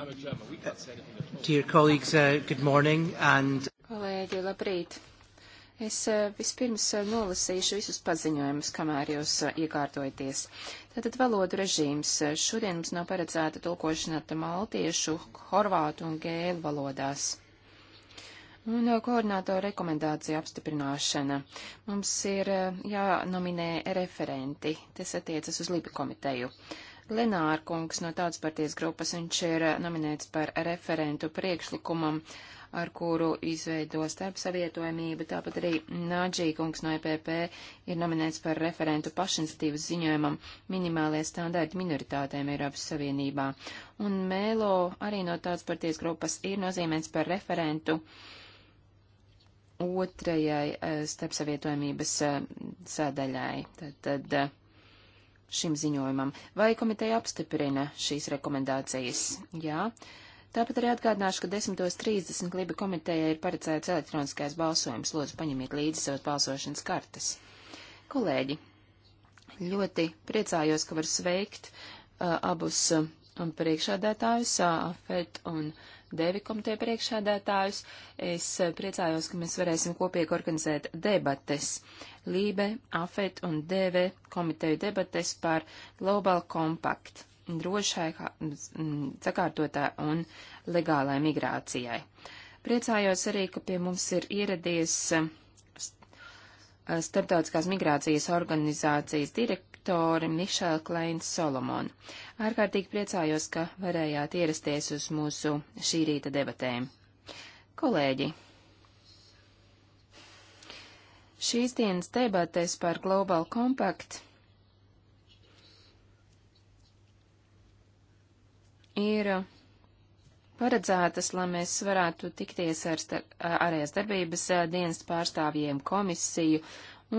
I'm a German. We can't say anything at all. Dear colleagues, uh, good morning and... Kolēģi, labrīt. Es uh, vispirms uh, nolasīšu visus paziņojumus, kamēr jūs uh, iekārtojaties. Tātad valodu režīms. Šodien mums nav paredzēta tulkošana maltiešu, horvātu un gēlu valodās. Un koordinātoru rekomendāciju apstiprināšana. Mums ir jānominē referenti. Tas attiecas uz Libi komiteju. Uh, Lenārkungs no Tautas partijas grupas, viņš ir eh, nominēts par referentu priekšlikumam, ar kuru izveido starp savietojamību. Tāpat arī Nādžīkungs no EPP ir nominēts par referentu pašinstitīvas ziņojumam minimālie standarti minoritātēm Eiropas Savienībā. Un Mēlo arī no Tautas partijas grupas ir nozīmēts par referentu otrajai eh, starp savietojamības eh, sadaļai. Tad, tad, šim ziņojumam. Vai komiteja apstiprina šīs rekomendācijas? Jā. Tāpat arī atgādināšu, ka 10.30 Liba komiteja ir paredzēts elektroniskais balsojums. Lūdzu, paņemiet līdzi savas balsošanas kartes. Kolēģi, ļoti priecājos, ka var sveikt uh, abus uh, priekšādētājus, uh, Fed un uh, devikomtie priekšādētājus. Es priecājos, ka mēs varēsim kopīgi organizēt debates. Lībe, AFET un DV komiteju debates par Global Compact drošai, sakārtotā un legālai migrācijai. Priecājos arī, ka pie mums ir ieradies Starptautiskās migrācijas organizācijas direkt, lektori Mišēlu Kleinu Solomonu. Ārkārtīgi priecājos, ka varējāt ierasties uz mūsu šī rīta debatēm. Kolēģi! Šīs dienas debatēs par Global Compact ir paredzētas, lai mēs varētu tikties ar ārējās darbības dienas pārstāvjiem komisiju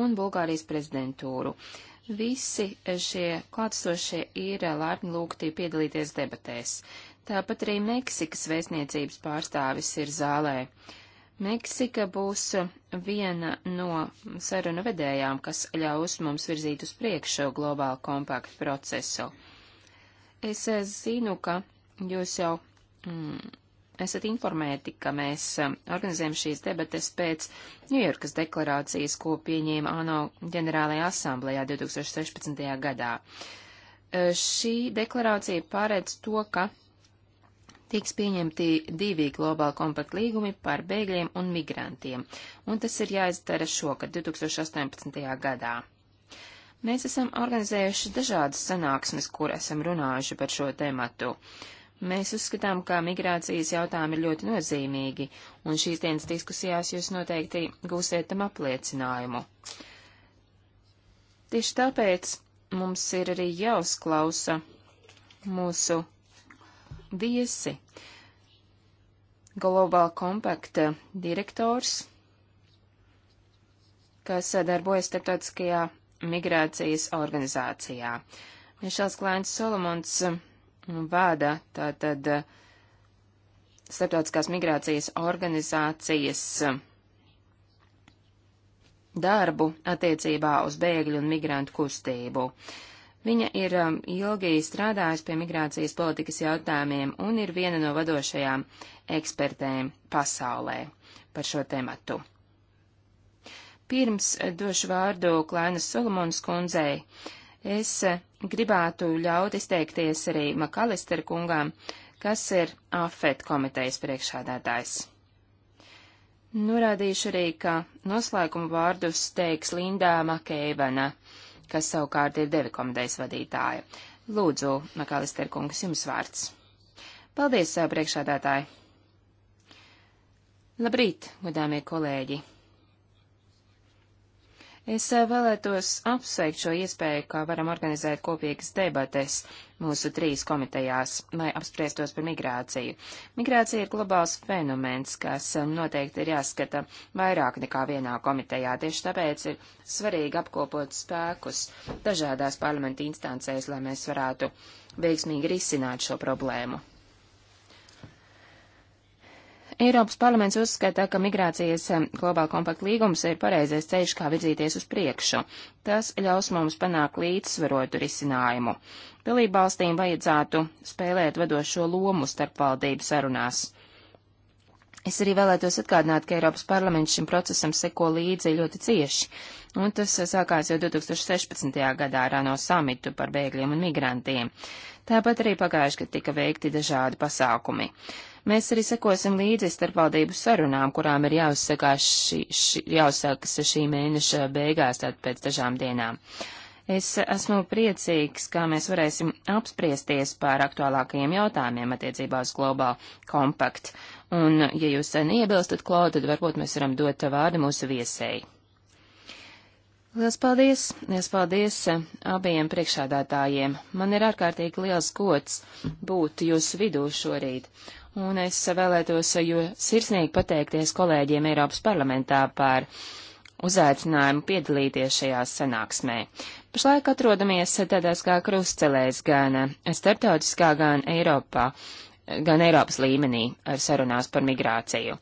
un Bulgārijas prezidentūru. Uh, Visi šie klātsošie ir laipni lūgti piedalīties debatēs. Tāpat arī Meksikas vēstniecības pārstāvis ir zālē. Meksika būs viena no sarunu vedējām, kas ļaus mums virzīt uz priekšu globālu kompaktu procesu. Es eh, zinu, ka jūs jau mm, esat informēti, ka mēs um, organizējam šīs debates pēc Ņujorkas deklarācijas, ko pieņēma ANO ģenerālajā asamblējā 2016. gadā. Uh, šī deklarācija paredz to, ka tiks pieņemti divi globāli kompakta līgumi par bēgļiem un migrantiem, un tas ir jāizdara šogad, 2018. gadā. Mēs esam organizējuši dažādas sanāksmes, kur esam runājuši par šo tematu. Uh, Mēs uzskatām, ka migrācijas jautājumi ir ļoti nozīmīgi, un šīs dienas diskusijās jūs noteikti gūsiet tam apliecinājumu. Tieši tāpēc mums ir arī jāuzklausa mūsu viesi. Global Compact direktors, kas darbojas starptautiskajā migrācijas organizācijā. Mišels Klains Solomons vada tātad eh, starptautiskās migrācijas organizācijas eh, darbu attiecībā uz bēgļu un migrantu kustību. Viņa ir eh, ilgi strādājusi pie migrācijas politikas jautājumiem un ir viena no vadošajām ekspertēm pasaulē par šo tematu. Pirms došu vārdu Klainas Solomons kundzei, uh, Es eh, gribētu ļaut izteikties arī Makalister kungām, kas ir AFET komitejas priekšādātājs. Norādīšu arī, ka noslēguma vārdus teiks Lindā Makeivana, kas savukārt ir devi komitejas vadītāja. Lūdzu, Makalister kungs, jums vārds. Paldies, eh, priekšādātāji! Labrīt, godāmie kolēģi! Es eh, vēlētos apsveikt šo iespēju, ka varam organizēt kopīgas debates mūsu trīs komitejās, lai apspriestos par migrāciju. Migrācija ir globāls fenomens, kas eh, noteikti ir jāskata vairāk nekā vienā komitejā. Tieši tāpēc ir svarīgi apkopot spēkus dažādās parlamenta instancēs, lai mēs varētu veiksmīgi risināt šo problēmu. Eiropas parlaments uzskata, ka migrācijas eh, globāla kompakta līgums ir pareizais ceļš, kā virzīties uz priekšu. Tas ļaus mums panākt līdzsvarotu risinājumu. Dalībvalstīm vajadzētu spēlēt vadošo lomu starpvaldību sarunās. Es arī vēlētos atgādināt, ka Eiropas parlaments šim procesam seko līdzi ļoti cieši, un tas eh, sākās jau 2016. gadā ar ANO samitu par bēgļiem un migrantiem. Tāpat arī pagājuši, kad tika veikti dažādi pasākumi. Mēs arī sekosim līdzi starpvaldību sarunām, kurām ir jāuzsakās šī, šī, jāuzsakas šī mēneša beigās, tad pēc dažām dienām. Es esmu priecīgs, kā mēs varēsim apspriesties par aktuālākajiem jautājumiem attiecībā uz Global Compact. Un, ja jūs neiebilstat, Klau, tad varbūt mēs varam dot vārdu mūsu viesēji. Liels paldies! Liels paldies eh, abiem priekšādātājiem! Man ir ārkārtīgi liels gods būt jūsu vidū šorīt un es vēlētos eh, jo sirsnīgi pateikties kolēģiem Eiropas parlamentā par uzaicinājumu piedalīties šajā sanāksmē. Pašlaik atrodamies tādās kā krustcelēs gan starptautiskā, gan Eiropā, gan Eiropas līmenī ar sarunās par migrāciju.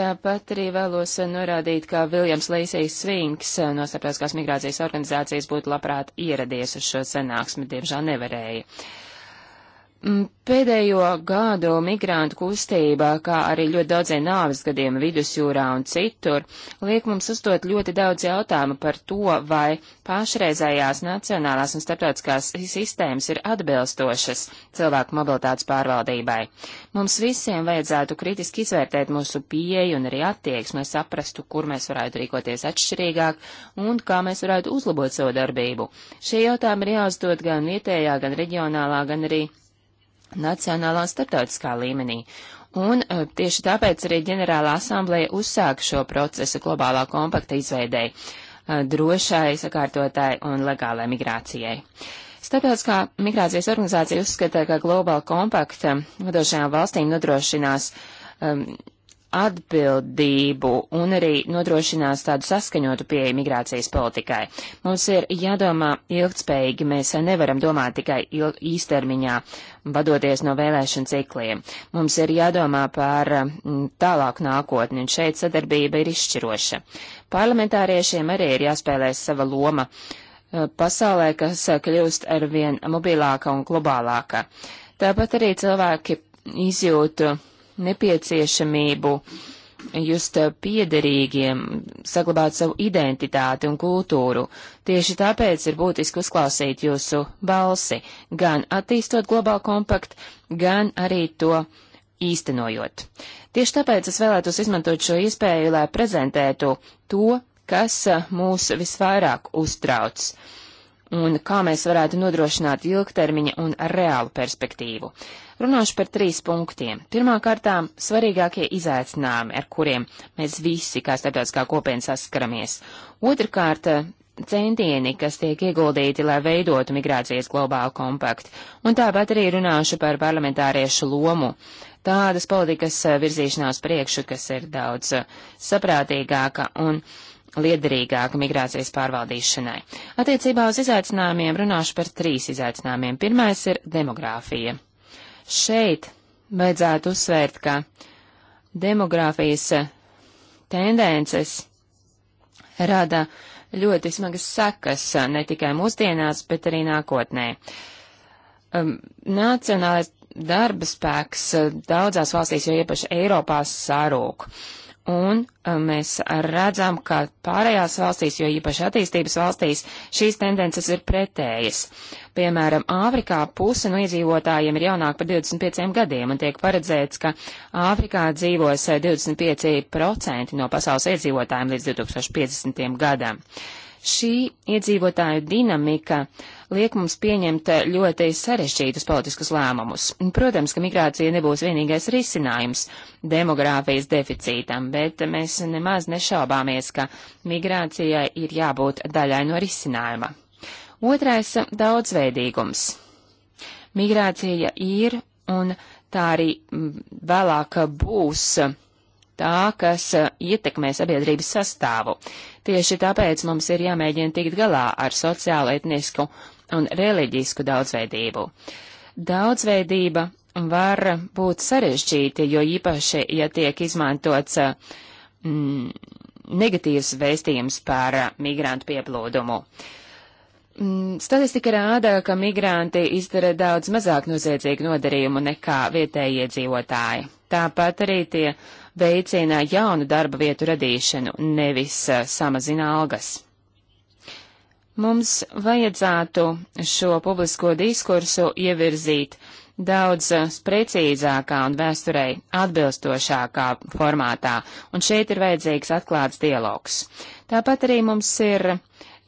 Tāpat arī vēlos norādīt, ka Viljams Leisijs Svinks no starptautiskās migrācijas organizācijas būtu labprāt ieradies uz šo sanāksmi, diemžēl nevarēja. Uh, Mm, pēdējo gadu migrantu kustība, kā arī ļoti daudziem nāves gadiem vidusjūrā un citur, liek mums uzdot ļoti daudz jautājumu par to, vai pašreizējās nacionālās un starptautiskās sistēmas ir atbilstošas cilvēku mobilitātes pārvaldībai. Mums visiem vajadzētu kritiski izvērtēt mūsu pieeju un arī attieksmi, lai saprastu, kur mēs varētu rīkoties atšķirīgāk un kā mēs varētu uzlabot savu darbību. Šie jautājumi ir jāuzdod gan vietējā, gan reģionālā, gan arī nacionālā un starptautiskā līmenī. Un e, tieši tāpēc arī ģenerāla asambleja uzsāka šo procesu globālā kompakta izveidēji e, drošai, sakārtotai un legālai migrācijai. Starptautiskā migrācijas organizācija uzskata, ka globāla kompakta vadošajām valstīm nodrošinās um, atbildību un arī nodrošinās tādu saskaņotu pieeju migrācijas politikai. Mums ir jādomā ilgtspējīgi, mēs nevaram domāt tikai īstermiņā, vadoties no vēlēšanu cikliem. Mums ir jādomā par mm, tālāku nākotni, un šeit sadarbība ir izšķiroša. Parlamentāriešiem arī ir jāspēlē sava loma eh, pasaulē, kas eh, kļūst arvien mobilāka un globālāka. Tāpat arī cilvēki izjūtu nepieciešamību just piederīgiem, saglabāt savu identitāti un kultūru. Tieši tāpēc ir būtiski uzklausīt jūsu balsi, gan attīstot globālu kompaktu, gan arī to īstenojot. Tieši tāpēc es vēlētos izmantot šo iespēju, lai prezentētu to, kas mūs visvairāk uztrauc. Uh, un kā mēs varētu nodrošināt ilgtermiņa un reālu perspektīvu. Runāšu par trīs punktiem. Pirmkārtām, svarīgākie izaicinājumi, ar kuriem mēs visi kā starptautiskā kopiena saskaramies. Otrakārt, centieni, kas tiek ieguldīti, lai veidotu migrācijas globālu kompaktu, un tāpat arī runāšu par parlamentāriešu lomu. Tādas politikas virzīšanās priekšu, kas ir daudz saprātīgāka un uh, liederīgāka migrācijas pārvaldīšanai. Attiecībā uz izaicinājumiem runāšu par trīs izaicinājumiem. Pirmais ir demogrāfija. Šeit vajadzētu uzsvērt, ka demogrāfijas tendences rada ļoti smagas sekas ne tikai mūsdienās, bet arī nākotnē. Um, nacionālais darba spēks daudzās valstīs, jo īpaši Eiropā, sarūk. Uh, Un uh, mēs redzam, ka pārējās valstīs, jo īpaši attīstības valstīs, šīs tendences ir pretējas. Piemēram, Āfrikā puse no iedzīvotājiem ir jaunāka par 25 gadiem, un tiek paredzēts, ka Āfrikā dzīvos 25% uh, no pasaules iedzīvotājiem līdz 2050. gadam. Šī iedzīvotāju dinamika liek mums pieņemt ļoti sarežģītus politiskus lēmumus. Protams, ka migrācija nebūs vienīgais risinājums demogrāfijas deficītam, bet mēs nemaz nešaubāmies, ka migrācijai ir jābūt daļai no risinājuma. Otrais - daudzveidīgums. Migrācija ir un tā arī vēlāk būs tā, kas uh, ietekmē sabiedrības sastāvu. Tieši tāpēc mums ir jāmēģina tikt galā ar sociālo, etnisku un reliģisku daudzveidību. Daudzveidība var būt sarežģīta, jo īpaši, ja tiek izmantots uh, mm, negatīvs vēstījums par uh, migrantu pieplūdumu. Mm, statistika rāda, ka migranti izdara daudz mazāk noziedzīgu nodarījumu nekā vietējie iedzīvotāji. Tāpat arī tie uh, veicina jaunu darba vietu radīšanu, nevis eh, samazina algas. Mums vajadzētu šo publisko diskursu ievirzīt daudz eh, precīzākā un vēsturei atbilstošākā formātā, un šeit ir vajadzīgs atklāts dialogs. Tāpat arī mums ir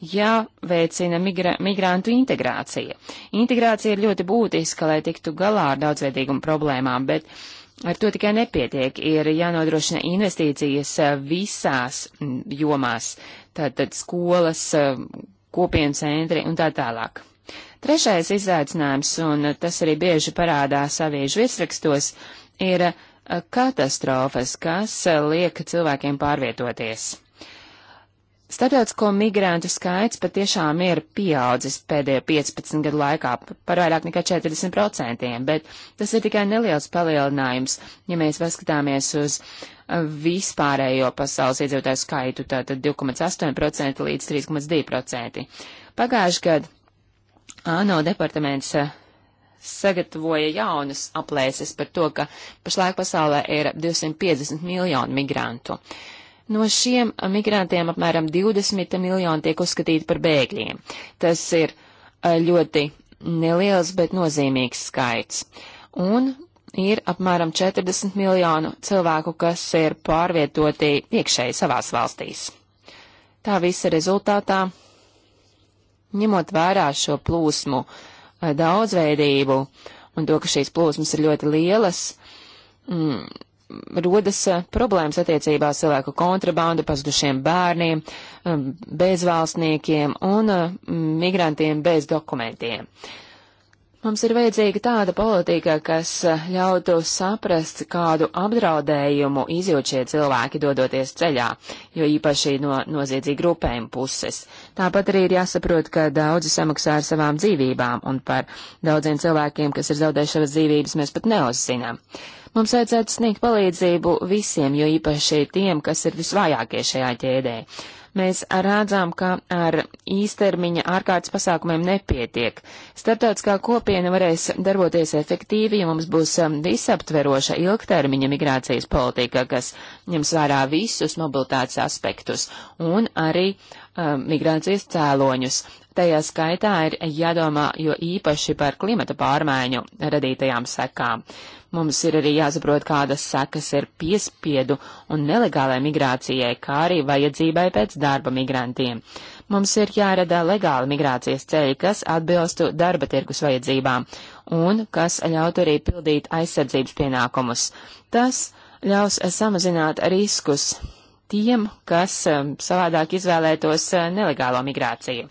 jāveicina migra migrantu integrācija. Integrācija ir ļoti būtiska, lai tiktu galā ar daudzveidīgumu problēmām, bet Ar to tikai nepietiek, ir jānodrošina investīcijas eh, visās jomās, tātad skolas, eh, kopienu centri un tā tālāk. Trešais izaicinājums, un tas arī bieži parādās aviežu virsrakstos, ir eh, katastrofas, kas liek cilvēkiem pārvietoties. Starptautisko migrantu skaits patiešām ir pieaudzis pēdējo 15 gadu laikā par vairāk nekā 40%, bet tas ir tikai neliels palielinājums, ja mēs paskatāmies uz vispārējo pasaules iedzīvotāju skaitu, tātad 2,8% līdz 3,2%. Pagājuši gadu ANO departaments sagatavoja jaunas aplēses par to, ka pašlaik pasaulē ir 250 miljonu migrantu. Uh, No šiem migrantiem apmēram 20 miljoni tiek uzskatīti par bēgļiem. Tas ir ļoti neliels, bet nozīmīgs skaits. Un ir apmēram 40 miljonu cilvēku, kas ir pārvietoti iekšēji savās valstīs. Tā visa rezultātā, ņemot vērā šo plūsmu daudzveidību un to, ka šīs plūsmas ir ļoti lielas, mm, rodas eh, problēmas attiecībā uz cilvēku kontrabandu, pazudušiem bērniem, eh, bezvalstniekiem un eh, migrantiem bez dokumentiem. Mums ir vajadzīga tāda politika, kas eh, ļautu saprast, kādu apdraudējumu izjūt šie cilvēki dodoties ceļā, jo īpaši no noziedzīga grupējuma puses. Tāpat arī ir jāsaprot, ka daudzi samaksā ar savām dzīvībām, un par daudziem cilvēkiem, kas ir zaudējuši savas dzīvības, mēs pat neuzzinām. Mums vajadzētu sniegt palīdzību visiem, jo īpaši tiem, kas ir visvājākie šajā ķēdē. Mēs rādzām, ka ar īstermiņa ārkārtas pasākumiem nepietiek. Startautiskā kopiena varēs darboties efektīvi, ja mums būs um, visaptveroša ilgtermiņa migrācijas politika, kas ņems vērā visus mobilitātes aspektus un arī um, migrācijas cēloņus. Tajā skaitā ir jādomā jo īpaši par klimata pārmaiņu radītajām sekām. Mums ir arī jāsaprot, kādas sekas ir piespiedu un nelegālai migrācijai, kā arī vajadzībai pēc darba migrantiem. Mums ir jārada legāla migrācijas ceļi, kas atbilstu darba tirkus vajadzībām un kas ļautu arī pildīt aizsardzības pienākumus. Tas ļaus samazināt riskus tiem, kas um, savādāk izvēlētos uh, nelegālo migrāciju.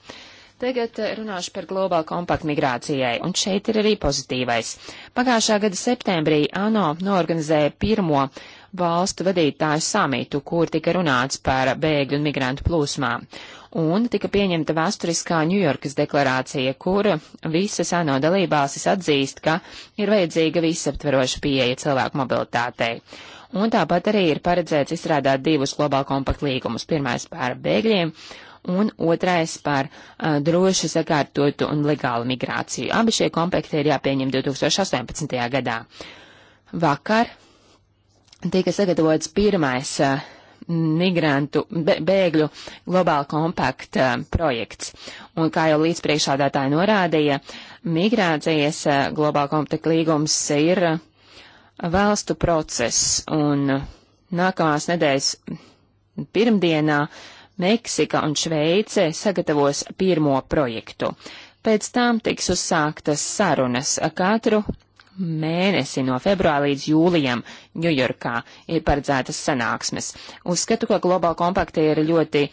Tagad eh, runāšu par globālu kompaktu migrācijai, un šeit ir arī pozitīvais. Pagājušā gada septembrī ANO norganizēja pirmo valstu vadītāju samitu, kur tika runāts par bēgļu un migrantu plūsmām. Un tika pieņemta vēsturiskā Ņujorkas deklarācija, kur visas ANO dalībvalstis atzīst, ka ir vajadzīga visaptveroša pieeja cilvēku mobilitātei. Un tāpat arī ir paredzēts izstrādāt divus globālu kompaktu līgumus. Pirmais par bēgļiem un otrais par uh, drošu, sakārtotu un legālu migrāciju. Abi šie komplekti ir jāpieņem 2018. gadā. Vakar tika sagatavots pirmais uh, migrantu bēgļu globāla kompakta uh, projekts. Un kā jau līdzpriekšādātāji norādīja, migrācijas uh, globāla kompakta līgums ir uh, valstu process un nākamās nedēļas pirmdienā Meksika un Šveice sagatavos pirmo projektu. Pēc tam tiks uzsāktas sarunas katru mēnesi no februāra līdz jūlijam Ņujorkā ir paredzētas sanāksmes. Uzskatu, ka Global Compact ir ļoti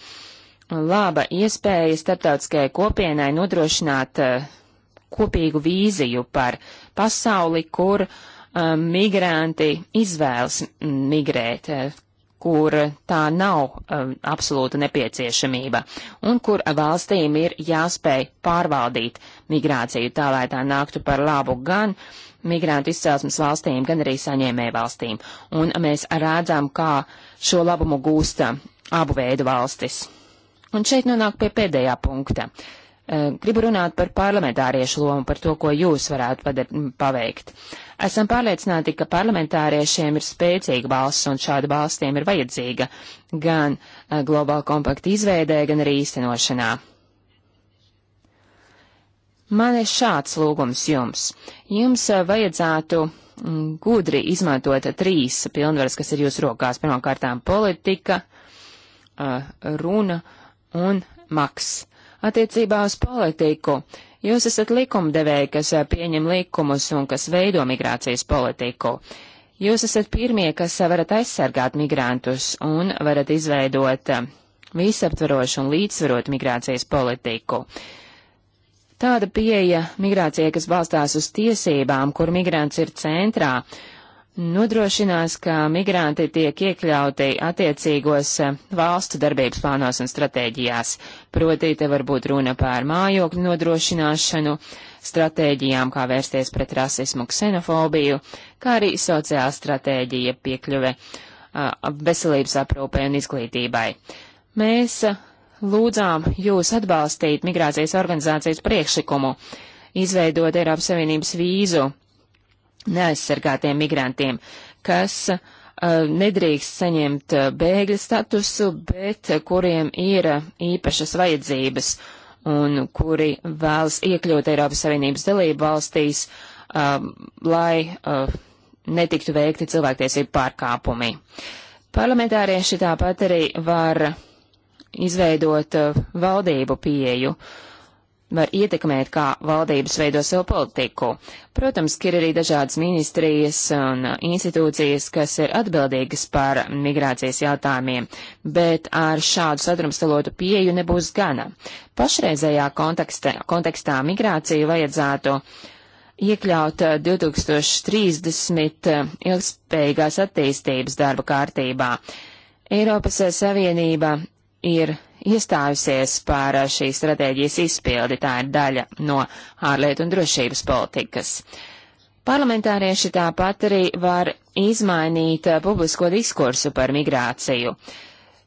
laba iespēja starptautiskajai kopienai nodrošināt uh, kopīgu vīziju par pasauli, kur uh, migranti izvēlas migrēt, uh, kur tā nav um, absolūta nepieciešamība un kur valstīm ir jāspēj pārvaldīt migrāciju tā, lai tā nāktu par labu gan migrantu izcelsmes valstīm, gan arī saņēmēju valstīm. Un mēs redzam, kā šo labumu gūsta abu veidu valstis. Un šeit nonāk pie pēdējā punkta. Uh, Eh, gribu runāt par parlamentāriešu lomu, par to, ko jūs varētu padar, paveikt. Esam pārliecināti, ka parlamentāriešiem ir spēcīga balss un šāda balss tiem ir vajadzīga gan eh, globāla kompakta izveidē, gan arī īstenošanā. Man ir šāds lūgums jums. Jums eh, vajadzētu mm, gudri izmantot trīs pilnvaras, kas ir jūsu rokās. Pirmkārtām politika, runa un maks attiecībā uz politiku. Jūs esat likumdevēji, kas pieņem likumus un kas veido migrācijas politiku. Jūs esat pirmie, kas varat aizsargāt migrantus un varat izveidot visaptvarošu un līdzsvarotu migrācijas politiku. Tāda pieeja migrācijai, kas balstās uz tiesībām, kur migrants ir centrā nodrošinās, ka migranti tiek iekļauti attiecīgos eh, valstu darbības plānos un stratēģijās. Proti, te var būt runa par mājokļu nodrošināšanu, stratēģijām, kā vērsties pret rasismu, ksenofobiju, kā arī sociāla stratēģija piekļuve eh, veselības aprūpē un izglītībai. Mēs eh, lūdzām jūs atbalstīt migrācijas organizācijas priekšlikumu, izveidot Eiropas Savienības vīzu neaizsargātiem migrantiem, kas uh, nedrīkst saņemt uh, bēgļu statusu, bet uh, kuriem ir uh, īpašas vajadzības un kuri vēlas iekļūt Eiropas Savienības dalību valstīs, um, lai uh, netiktu veikti cilvēktiesību pārkāpumi. Parlamentārieši tāpat arī var izveidot uh, valdību pieju. Uh, var ietekmēt, kā valdības veido savu politiku. Protams, ka ir arī dažādas ministrijas un institūcijas, kas ir atbildīgas par migrācijas jautājumiem, bet ar šādu sadrumstalotu pieju nebūs gana. Pašreizējā kontekstā, kontekstā migrāciju vajadzētu iekļaut 2030 ilgspējīgās attīstības darba kārtībā. Eiropas Savienība ir iestājusies par eh, šīs stratēģijas izpildi, tā ir daļa no ārlietu un drošības politikas. Parlamentārieši tāpat arī var izmainīt eh, publisko diskursu par migrāciju.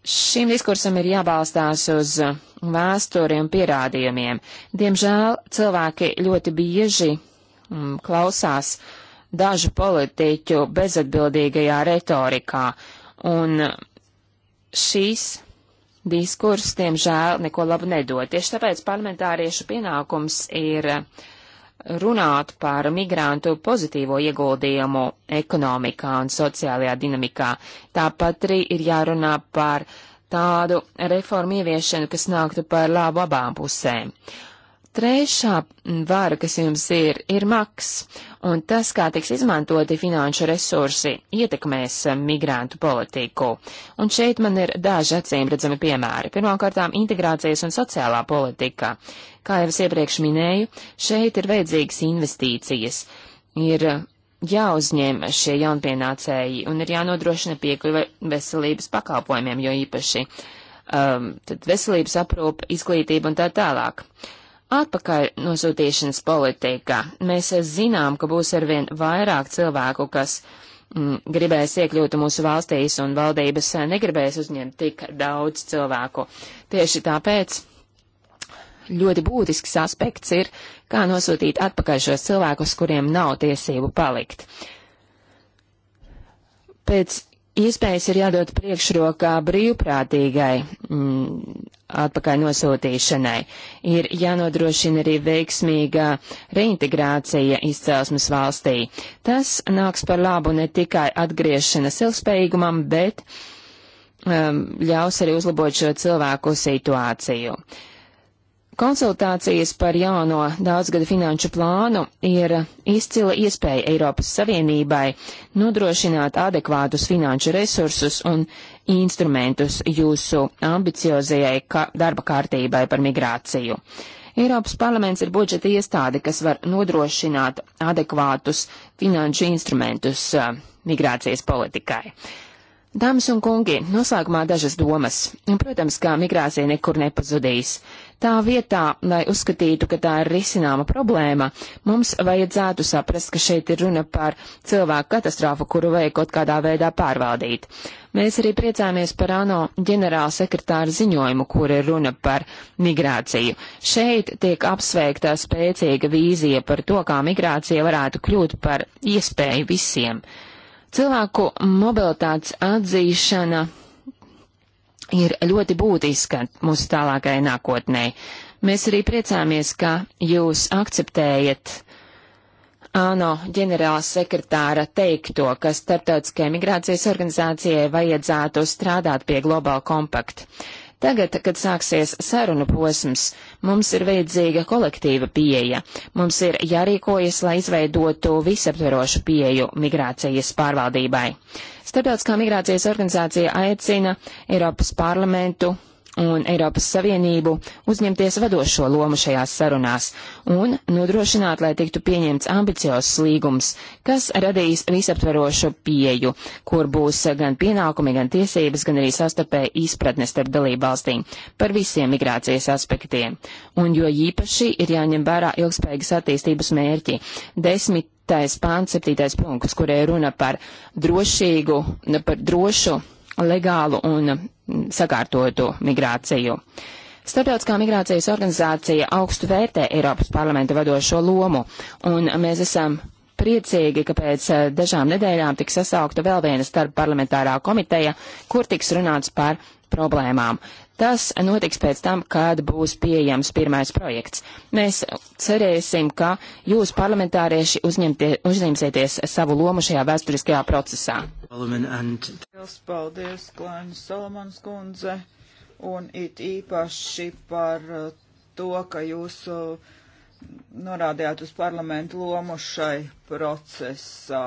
Šim diskursam ir jābalstās uz eh, vēsturi un pierādījumiem. Diemžēl cilvēki ļoti bieži mm, klausās dažu politiķu bezatbildīgajā retorikā, un šīs diskurs, tiemžēl, neko labu nedod. Tieši tāpēc parlamentāriešu pienākums ir runāt par migrantu pozitīvo ieguldījumu ekonomikā un sociālajā dinamikā. Tāpat arī ir jārunā par tādu reformu ieviešanu, kas nāktu par labu abām pusēm. Uh, Trešā vara, kas jums ir, ir maks, un tas, kā tiks izmantoti finanšu resursi, ietekmēs eh, migrantu politiku. Un šeit man ir daži acīmredzami piemēri. Pirmkārtām, integrācijas un sociālā politika. Kā jau es iepriekš minēju, šeit ir vajadzīgas investīcijas. Ir jāuzņem šie jaunpienācēji un ir jānodrošina piekļuve veselības pakalpojumiem, jo īpaši um, veselības aprūpa, izglītība un tā tālāk. Uh, Atpakaļ nosūtīšanas politika. Mēs zinām, ka būs arvien vairāk cilvēku, kas mm, gribēs iekļūt mūsu valstīs, un valdības negribēs uzņemt tik daudz cilvēku. Tieši tāpēc ļoti būtisks aspekts ir, kā nosūtīt atpakaļ šos cilvēkus, kuriem nav tiesību palikt. Pēc iespējas ir jādod priekšrokā brīvprātīgai mm, atpakaļ nosūtīšanai. Ir jānodrošina arī veiksmīga reintegrācija izcelsmes valstī. Tas nāks par labu ne tikai atgriešanas ilgspējīgumam, bet um, ļaus arī uzlabot šo cilvēku situāciju. Uh, Konsultācijas par jauno daudzgada finanšu plānu ir izcila iespēja Eiropas Savienībai nodrošināt adekvātus finanšu resursus un instrumentus jūsu ambiciozajai ka darba kārtībai par migrāciju. Eiropas parlaments ir budžeta iestāde, kas var nodrošināt adekvātus finanšu instrumentus uh, migrācijas politikai. Dāmas un kungi, noslēgumā dažas domas. Un, protams, kā migrācija nekur nepazudīs. Tā vietā, lai uzskatītu, ka tā ir risināma problēma, mums vajadzētu saprast, ka šeit ir runa par cilvēku katastrofu, kuru vajag kaut kādā veidā pārvaldīt. Mēs arī priecāmies par ANO ģenerāla sekretāra ziņojumu, kur ir runa par migrāciju. Šeit tiek apsveikta spēcīga vīzija par to, kā migrācija varētu kļūt par iespēju visiem. Cilvēku mobilitātes atzīšana ir ļoti būtiska mūsu tālākajai nākotnē. Mēs arī priecāmies, ka jūs akceptējat ANO ģenerāla sekretāra teikto, ka starptautiskajai migrācijas organizācijai vajadzētu strādāt pie globāla kompakta. Tagad, kad sāksies sarunu posms, mums ir vajadzīga kolektīva pieeja. Mums ir jārīkojas, lai izveidotu visaptverošu pieeju migrācijas pārvaldībai. Starptautiskā migrācijas organizācija aicina Eiropas parlamentu un Eiropas Savienību uzņemties vadošo lomu šajās sarunās un nodrošināt, lai tiktu pieņemts ambiciozs līgums, kas radīs visaptverošu pieju, kur būs gan pienākumi, gan tiesības, gan arī sastapēja izpratne starp dalībvalstīm par visiem migrācijas aspektiem. Un jo īpaši ir jāņem vērā ilgspējīgas attīstības mērķi - desmitais pāns, septītais punkts, kurē runa par drošīgu, par drošu, legālu un sakārtotu migrāciju. Starptautiskā migrācijas organizācija augstu vērtē Eiropas parlamenta vadošo lomu, un mēs esam priecīgi, ka pēc eh, dažām nedēļām tiks sasaukta vēl viena starp parlamentārā komiteja, kur tiks runāts par problēmām. Tas notiks pēc tam, kad būs pieejams pirmais projekts. Mēs cerēsim, ka jūs parlamentārieši uzņemsieties savu lomu šajā vēsturiskajā procesā. Paldies, Klaina Salamans kundze, un it īpaši par uh, to, ka jūs uh, norādījāt uz parlamentu lomu šai procesā.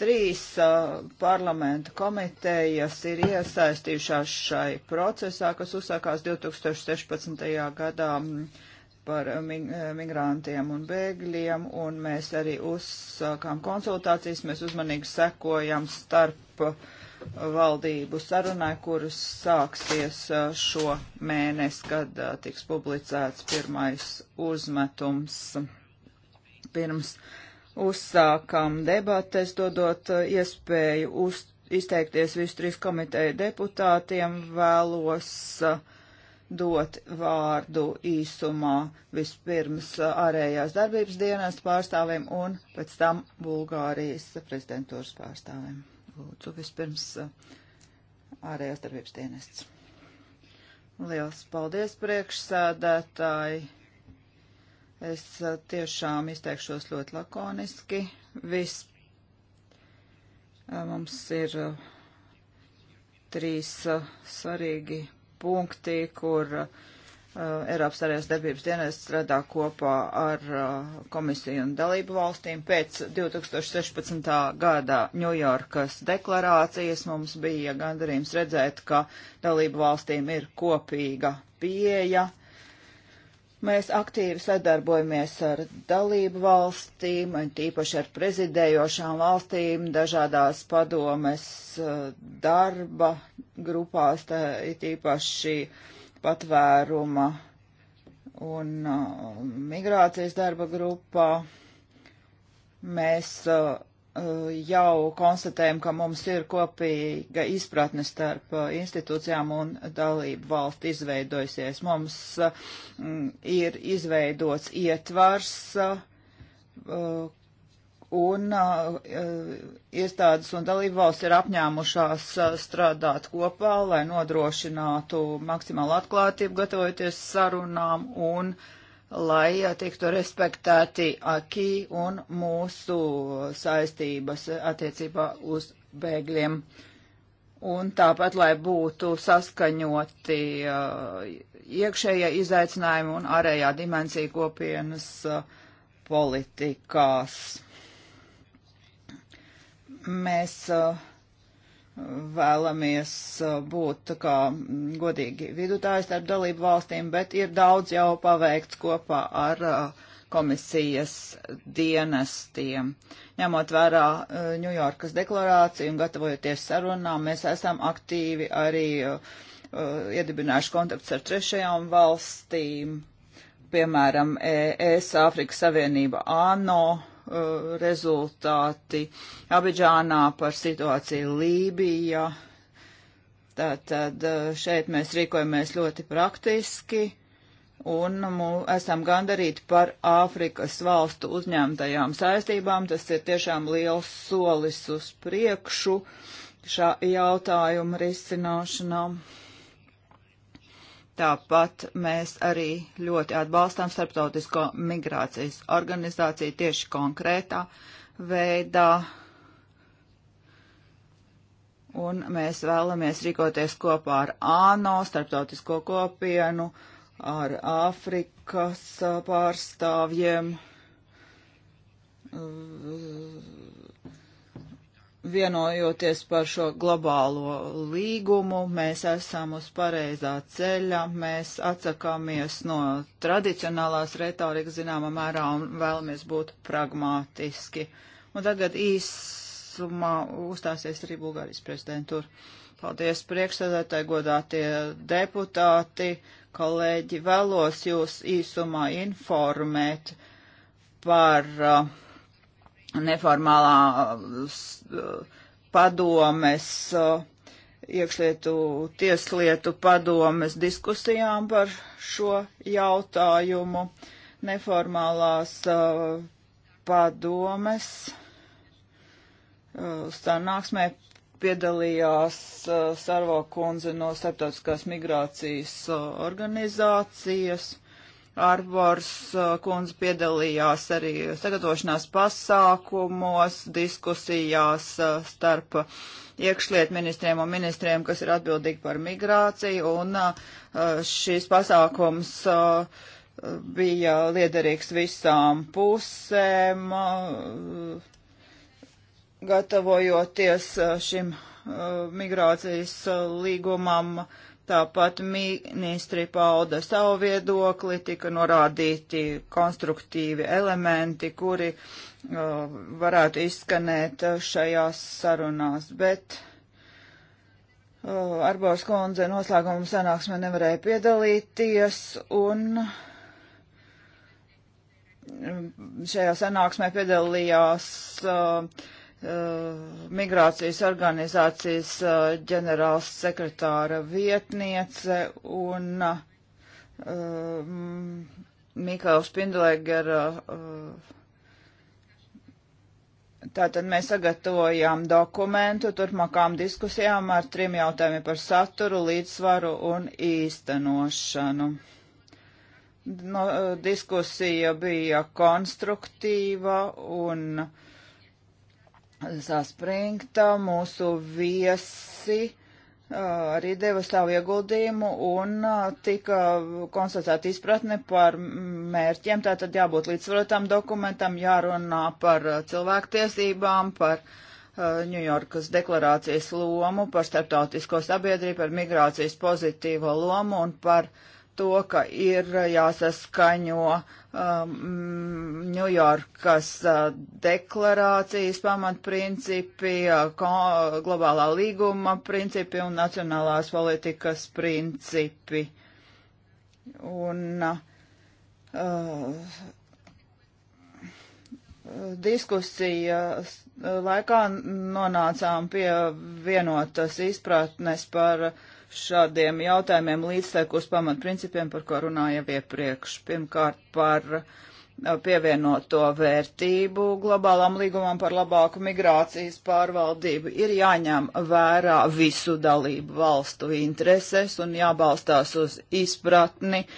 Trīs uh, parlamenta komitejas ir iesaistījušās šai procesā, kas uzsākās 2016. gadā mm, par uh, mig uh, migrantiem un bēgļiem, un mēs arī uzsākām konsultācijas, mēs uzmanīgi sekojam starp uh, valdību sarunai, kuras sāksies šo mēnesi, kad tiks publicēts pirmais uzmetums pirms uh, uzsākām debates, dodot uh, iespēju uz, izteikties visu trīs komiteju deputātiem, vēlos uh, dot vārdu īsumā vispirms uh, ārējās darbības dienas pārstāvim un pēc tam Bulgārijas prezidentūras pārstāvim. Lūdzu, vispirms ārējās darbības dienests. Liels paldies priekšsēdētāji! Es eh, tiešām izteikšos ļoti lakoniski. Viss eh, mums ir eh, trīs svarīgi punkti, kur Eiropas arēs darbības dienas strādā kopā ar komisiju un dalību valstīm. Pēc 2016. gada Ņujorkas deklarācijas mums bija gandarījums redzēt, ka dalību valstīm ir kopīga pieeja Mēs aktīvi sadarbojamies ar dalību valstīm, tīpaši ar prezidējošām valstīm, dažādās padomes eh, darba grupās, tā, tīpaši patvēruma un eh, migrācijas darba grupā. Mēs uh, jau konstatējam, ka mums ir kopīga izpratne starp uh, institūcijām un dalību valstu izveidojusies. Mums uh, ir izveidots ietvars uh, un iestādes un dalību valsts ir apņēmušās strādāt kopā, lai nodrošinātu maksimālu atklātību, gatavojoties sarunām un uh, lai tiktu respektēti akī un mūsu saistības attiecībā uz bēgļiem. Un tāpat, lai būtu saskaņoti uh, iekšējie izaicinājumi un ārējā dimensija kopienas uh, politikās. Mēs uh, vēlamies uh, būt kā godīgi vidutāji starp dalību valstīm, bet ir daudz jau paveikts kopā ar uh, komisijas dienestiem. Ņemot vērā Ņujorkas uh, deklarāciju un gatavojoties sarunām, mēs esam aktīvi arī uh, iedibinājuši kontakts ar trešajām valstīm, piemēram, ES, Āfrikas Savienība, ANO, uh, rezultāti Abidžānā par situāciju Lībijā. Tātad eh, šeit mēs rīkojamies ļoti praktiski un mū, esam gandarīti par Āfrikas valstu uzņemtajām saistībām. Tas ir tiešām liels solis uz priekšu šā jautājuma risināšanām. Tāpat mēs arī ļoti atbalstām starptautisko migrācijas organizāciju tieši konkrētā veidā. Un mēs vēlamies rīkoties kopā ar ANO, starptautisko kopienu, ar Āfrikas pārstāvjiem, vienojoties par šo globālo līgumu, mēs esam uz pareizā ceļa, mēs atsakāmies no tradicionālās retorikas zināmā mērā un vēlamies būt pragmātiski. Un tagad īsumā uzstāsies arī Bulgārijas prezidentūra. Paldies priekšsēdētāji, godātie deputāti, kolēģi, vēlos jūs īsumā informēt par uh, neformālā padomes, iekšlietu tieslietu padomes diskusijām par šo jautājumu. Neformālās padomes sanāksmē piedalījās Sarvo kundze no Starptautiskās migrācijas organizācijas Arbors uh, kundze piedalījās arī sagatavošanās pasākumos, diskusijās uh, starp iekšliet ministriem un ministriem, kas ir atbildīgi par migrāciju, un uh, šīs pasākums bija liederīgs visām pusēm, gatavojoties šim migrācijas līgumam Tāpat ministri pauda savu viedokli, tika norādīti konstruktīvi elementi, kuri uh, varētu izskanēt šajās sarunās, bet uh, Arbors kundze noslēguma sanāksmē nevarēja piedalīties un um, šajā sanāksmē piedalījās uh, Eh, migrācijas organizācijas eh, ģenerāls sekretāra vietniece un um, eh, Mikaus Pindlegera. Uh, Tātad mēs sagatavojām dokumentu turpmākām diskusijām ar trim jautājumiem par saturu, līdzsvaru un īstenošanu. No, diskusija bija konstruktīva un uh, saspringta, mūsu viesi arī deva savu ieguldījumu un tika konstatēta izpratne par mērķiem. Tātad jābūt līdzsvarotam dokumentam, jārunā par cilvēktiesībām, par Ņujorkas uh, deklarācijas lomu, par starptautisko sabiedrību, par migrācijas pozitīvo lomu un par uh, to, ka ir jāsaskaņo Ņujorkas um, uh, deklarācijas pamatprincipi, uh, globālā līguma principi un nacionālās politikas principi. Un, uh, diskusijas laikā nonācām pie vienotas izpratnes par uh, šādiem jautājumiem līdztekus pamatprincipiem, par ko runāju iepriekš. Pirmkārt, par uh, pievienoto vērtību globālām līgumam par labāku migrācijas pārvaldību ir jāņem vērā visu dalību valstu intereses un jābalstās uz izpratni uh,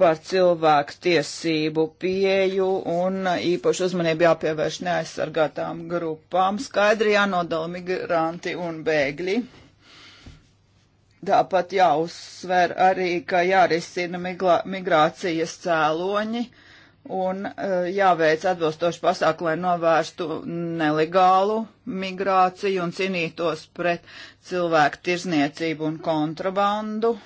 par cilvēku tiesību pieju un īpaši uzmanību jāpievērš neaizsargātām grupām. Skaidri jānodala migranti un bēgļi. Tāpat jāuzsver arī, ka jārisina miglā, migrācijas cēloņi un eh, jāveic atbilstoši pasākumi, lai novērstu nelegālu migrāciju un cīnītos pret cilvēku tirzniecību un kontrabandu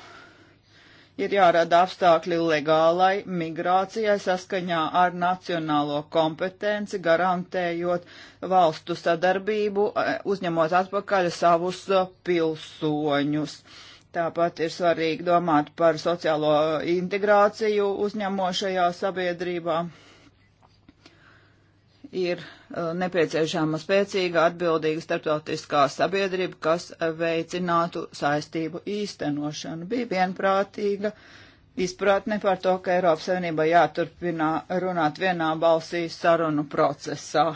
ir jārada apstākļi legālai migrācijai saskaņā ar nacionālo kompetenci, garantējot valstu sadarbību, e, uzņemot atpakaļ savus e, pilsoņus. Tāpat ir svarīgi domāt par sociālo integrāciju uzņemošajā sabiedrībā ir uh, nepieciešama spēcīga atbildīga starptautiskā sabiedrība, kas uh, veicinātu saistību īstenošanu. Bija vienprātīga izpratne par to, ka Eiropas Savienība jāturpinā runāt vienā balsī sarunu procesā.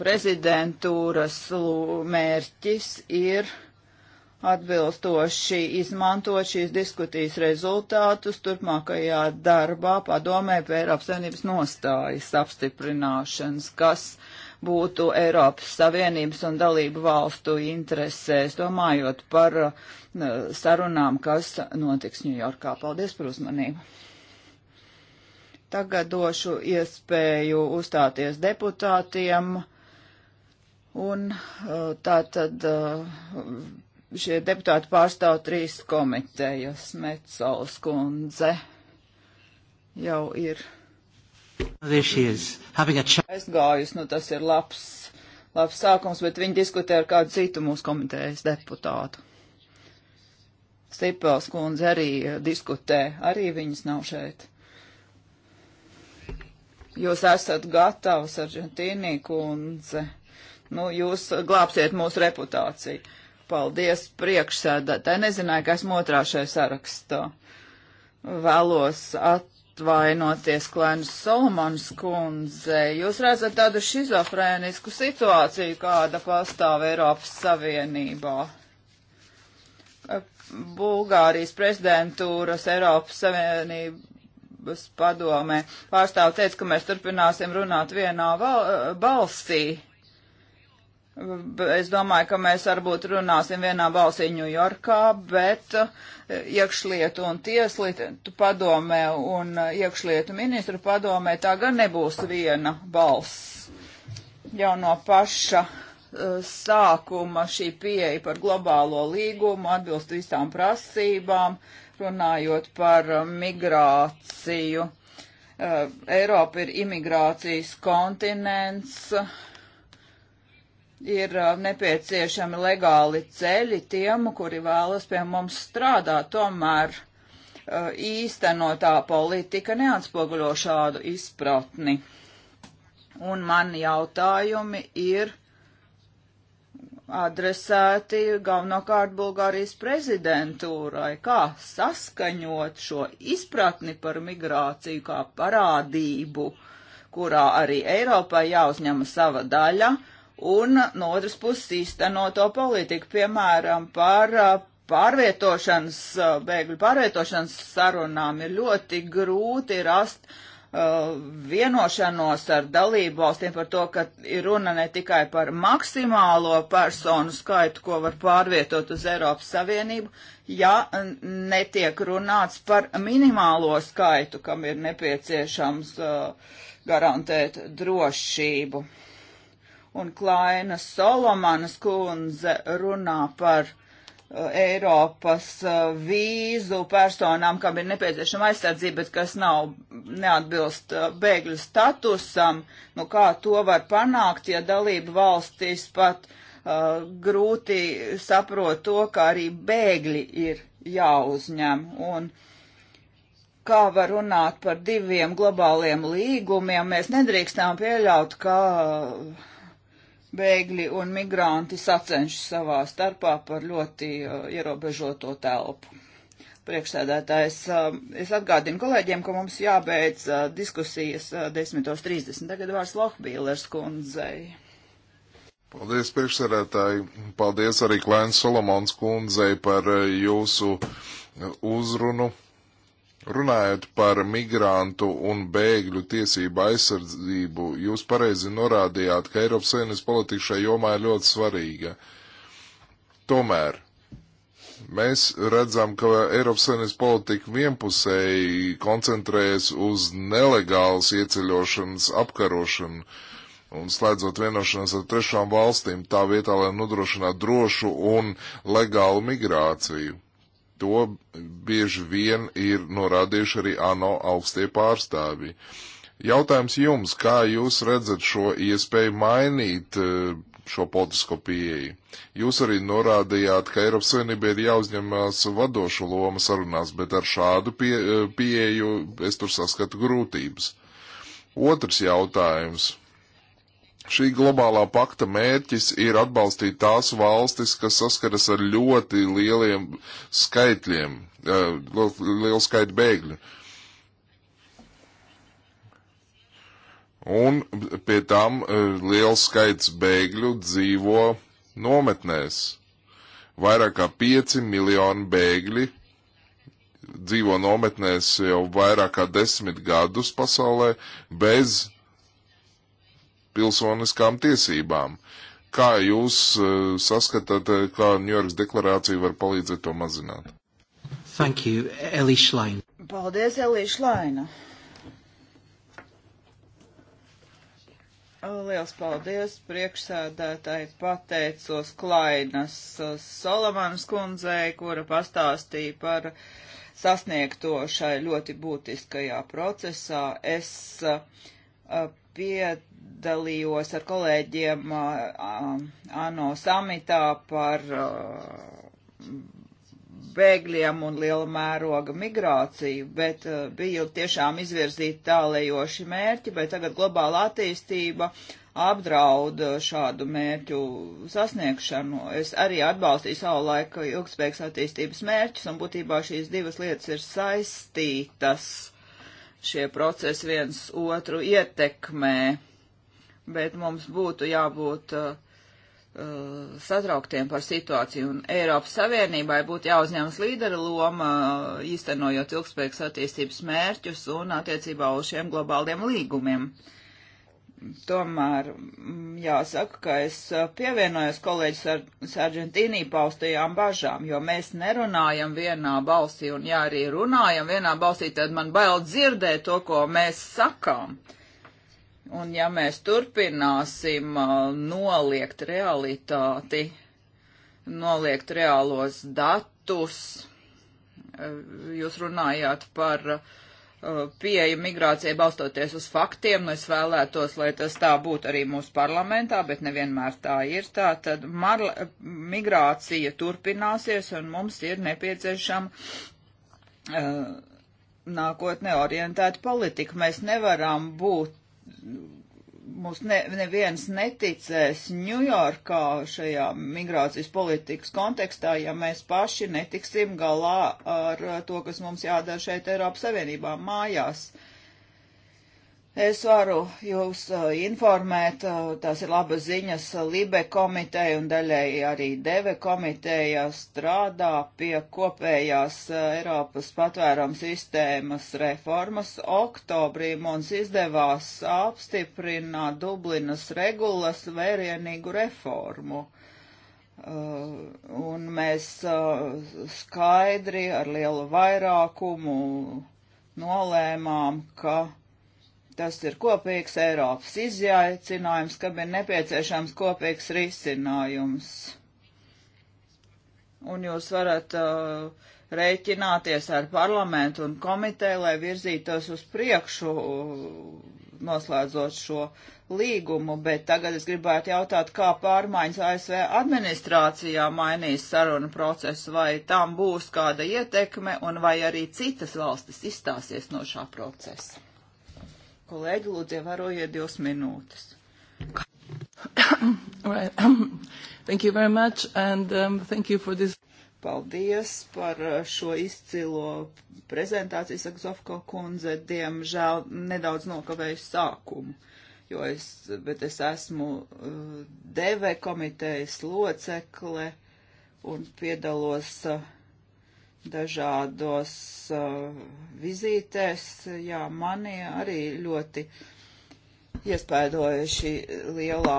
Prezidentūras mērķis ir atbilstoši izmantot šīs diskutijas rezultātus turpmākajā darbā padomē pie Eiropas Savienības nostājas apstiprināšanas, kas būtu Eiropas Savienības un dalību valstu interesēs, domājot par uh, sarunām, kas notiks Ņujorkā. Paldies par uzmanību. Tagad došu iespēju uzstāties deputātiem un uh, tā tad. Uh, šie deputāti pārstāv trīs komitejas. Mecauls kundze jau ir. Aizgājus, nu tas ir labs, labs sākums, bet viņi diskutē ar kādu citu mūsu komitejas deputātu. Stipels kundze arī eh, diskutē, arī viņas nav šeit. Jūs esat gatavs, Argentīnī kundze. Nu, jūs glābsiet mūsu reputāciju. Paldies priekšsēdētāji. Nezināju, ka esmu otrā šajā sarakstā. Vēlos atvainoties Klēnas Solomons kundze. Jūs redzat tādu šizofrēnisku situāciju, kāda pastāv Eiropas Savienībā. Bulgārijas prezidentūras Eiropas Savienības padomē pārstāv teica, ka mēs turpināsim runāt vienā val, balsī Es domāju, ka mēs varbūt runāsim vienā balsī Ņujorkā, bet eh, iekšlietu un tieslietu padomē un eh, iekšlietu ministru padomē tā gan nebūs viena balss. Jau no paša eh, sākuma šī pieeja par globālo līgumu atbilst visām prasībām, runājot par migrāciju. Eiropa ir imigrācijas kontinents ir uh, nepieciešami legāli ceļi tiem, kuri vēlas pie mums strādāt. Tomēr uh, īstenotā politika neatspoguļo šādu izpratni. Un man jautājumi ir adresēti galvenokārt Bulgārijas prezidentūrai, kā saskaņot šo izpratni par migrāciju kā parādību, kurā arī Eiropai jāuzņem sava daļa, uh, un no otras puses īstenoto politiku, piemēram, par uh, pārvietošanas, uh, bēgļu pārvietošanas sarunām ir ļoti grūti rast uh, vienošanos ar dalību valstīm par to, ka ir runa ne tikai par maksimālo personu skaitu, ko var pārvietot uz Eiropas Savienību, ja netiek runāts par minimālo skaitu, kam ir nepieciešams uh, garantēt drošību. Uh, un Klaina Solomanas kundze runā par uh, Eiropas uh, vīzu personām, kam ir nepieciešama aizsardzība, bet kas nav neatbilst uh, bēgļu statusam, nu kā to var panākt, ja dalība valstīs pat uh, grūti saprot to, ka arī bēgļi ir jāuzņem. Un kā var runāt par diviem globāliem līgumiem, mēs nedrīkstām pieļaut, ka uh, bēgļi un migranti sacenšas savā starpā par ļoti uh, ierobežoto telpu. Priekšsēdētājs, uh, es atgādinu kolēģiem, ka mums jābeidz uh, diskusijas 10.30. Uh, Tagad vārds Lohbīlers kundzei. Paldies, priekšsēdētāji. Paldies arī Klēns Solomons kundzei par uh, jūsu uzrunu. Runājot par migrantu un bēgļu tiesību aizsardzību, jūs pareizi norādījāt, ka Eiropas Savienības politika šai jomā ir ļoti svarīga. Tomēr mēs redzam, ka Eiropas Savienības politika vienpusēji koncentrējas uz nelegālas ieceļošanas apkarošanu un slēdzot vienošanos ar trešām valstīm tā vietā, lai nodrošinātu drošu un legālu migrāciju To bieži vien ir norādījuši arī ANO augstie pārstāvji. Jautājums jums, kā jūs redzat šo iespēju mainīt e, šo politisko pieeju? Jūs arī norādījāt, ka Eiropas Savienība ir jāuzņemās vadošu lomu sarunās, bet ar šādu pie, e, pieeju es tur saskatu grūtības. Otrs jautājums Šī globālā pakta mērķis ir atbalstīt tās valstis, kas saskaras ar ļoti lieliem skaitļiem, lielu skaitu bēgļu. Un pie tam liels skaits bēgļu dzīvo nometnēs. Vairāk kā 5 miljoni bēgļi dzīvo nometnēs jau vairāk kā desmit gadus pasaulē bez pilsoniskām tiesībām. Kā jūs uh, saskatāt, eh, kā Ņujorkas deklarācija var palīdzēt to mazināt? Thank you, Elīša Laina. Paldies, Elīša Laina. Liels paldies priekšsēdētāji, pateicos Klainas eh, Solamanas kundzei, kura pastāstīja par sasniegto šai ļoti būtiskajā procesā. Es uh, piedalījos ar kolēģiem uh, um, ANO samitā par uh, bēgļiem un liela mēroga migrāciju, bet uh, bija tiešām izvirzīti tālējoši mērķi, bet tagad globāla attīstība apdraud uh, šādu mērķu sasniegšanu. Es arī atbalstīju savu laiku ilgspējīgas attīstības mērķus, un būtībā šīs divas lietas ir saistītas šie procesi viens otru ietekmē, bet mums būtu jābūt uh, uh, satrauktiem par situāciju, un Eiropas Savienībai būtu jāuzņemas līdera loma, uh, īstenojot ilgspējīgas attīstības mērķus un attiecībā uz šiem globāliem līgumiem. Uh, Tomēr mm, jāsaka, ka es eh, pievienojos kolēģis Sargentīnī paustajām bažām, jo mēs nerunājam vienā balsī, un ja arī runājam vienā balsī, tad man bail dzirdēt to, ko mēs sakām. Un ja mēs turpināsim eh, noliegt realitāti, noliegt reālos datus, eh, jūs runājāt par uh, Uh, pieeja migrācijai balstoties uz faktiem, nu es vēlētos, lai tas tā būtu arī mūsu parlamentā, bet nevienmēr tā ir tā, tad marla, migrācija turpināsies un mums ir nepieciešama uh, nākotne orientēta politika. Mēs nevaram būt mums ne, neviens neticēs Ņujorkā šajā migrācijas politikas kontekstā, ja mēs paši netiksim galā ar to, kas mums jādara šeit Eiropas Savienībā mājās. Uh, Es varu jūs uh, informēt, uh, tās ir labas ziņas, uh, Libe komiteja un daļēji arī Deve komiteja strādā pie kopējās Eiropas patvērums sistēmas reformas. Oktobrī mums izdevās apstiprināt Dublinas regulas vērienīgu reformu. Uh, un mēs uh, skaidri ar lielu vairākumu nolēmām, ka Tas ir kopīgs Eiropas izjaicinājums, kam ir nepieciešams kopīgs risinājums. Un jūs varat uh, rēķināties ar parlamentu un komiteju, lai virzītos uz priekšu, uh, noslēdzot šo līgumu, bet tagad es gribētu jautāt, kā pārmaiņas ASV administrācijā mainīs sarunu procesu, vai tam būs kāda ietekme un vai arī citas valstis izstāsies no šā procesa. Kolēģi, lūdzu, ievērojiet divas minūtes. right. Um, thank you very much and um, thank you for this. Paldies par uh, šo izcilo prezentāciju, saka Zofko kundze. Diemžēl nedaudz nokavēju sākumu, jo es, bet es esmu uh, DV komitejas locekle un piedalos uh, dažādos uh, vizītēs. Jā, mani arī ļoti iespaidoja šī lielā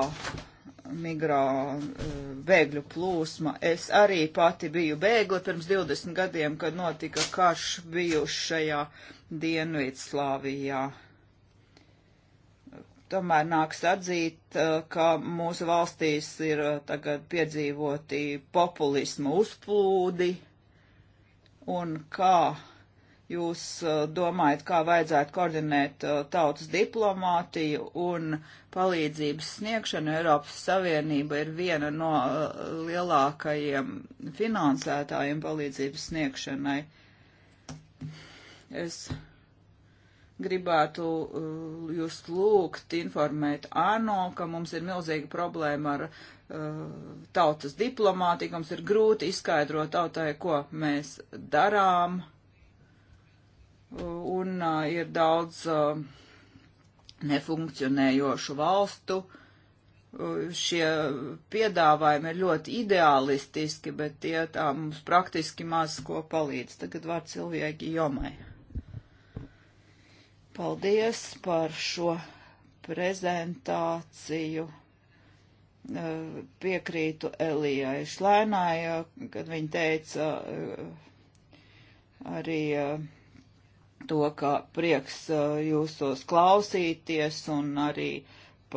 migrā uh, bēgļu plūsma. Es arī pati biju bēgli pirms 20 gadiem, kad notika karš bijušajā Dienvidslāvijā. Tomēr nāks atzīt, uh, ka mūsu valstīs ir uh, tagad piedzīvoti populismu uzplūdi, un kā jūs uh, domājat, kā vajadzētu koordinēt uh, tautas diplomātiju un palīdzības sniegšanu. Eiropas Savienība ir viena no uh, lielākajiem finansētājiem palīdzības sniegšanai. Es gribētu uh, jūs lūgt informēt ANO, ka mums ir milzīga problēma ar uh, tautas diplomātiku, mums ir grūti izskaidrot tautai, ko mēs darām, uh, un uh, ir daudz uh, nefunkcionējošu valstu. Uh, šie piedāvājumi ir ļoti ideālistiski, bet tie tā mums praktiski maz ko palīdz. Tagad vārds Silvijai Gijomai. Paldies par šo prezentāciju. Eh, piekrītu Elijai Šlēnai, eh, kad viņa teica eh, arī to, ka prieks jūsos klausīties un arī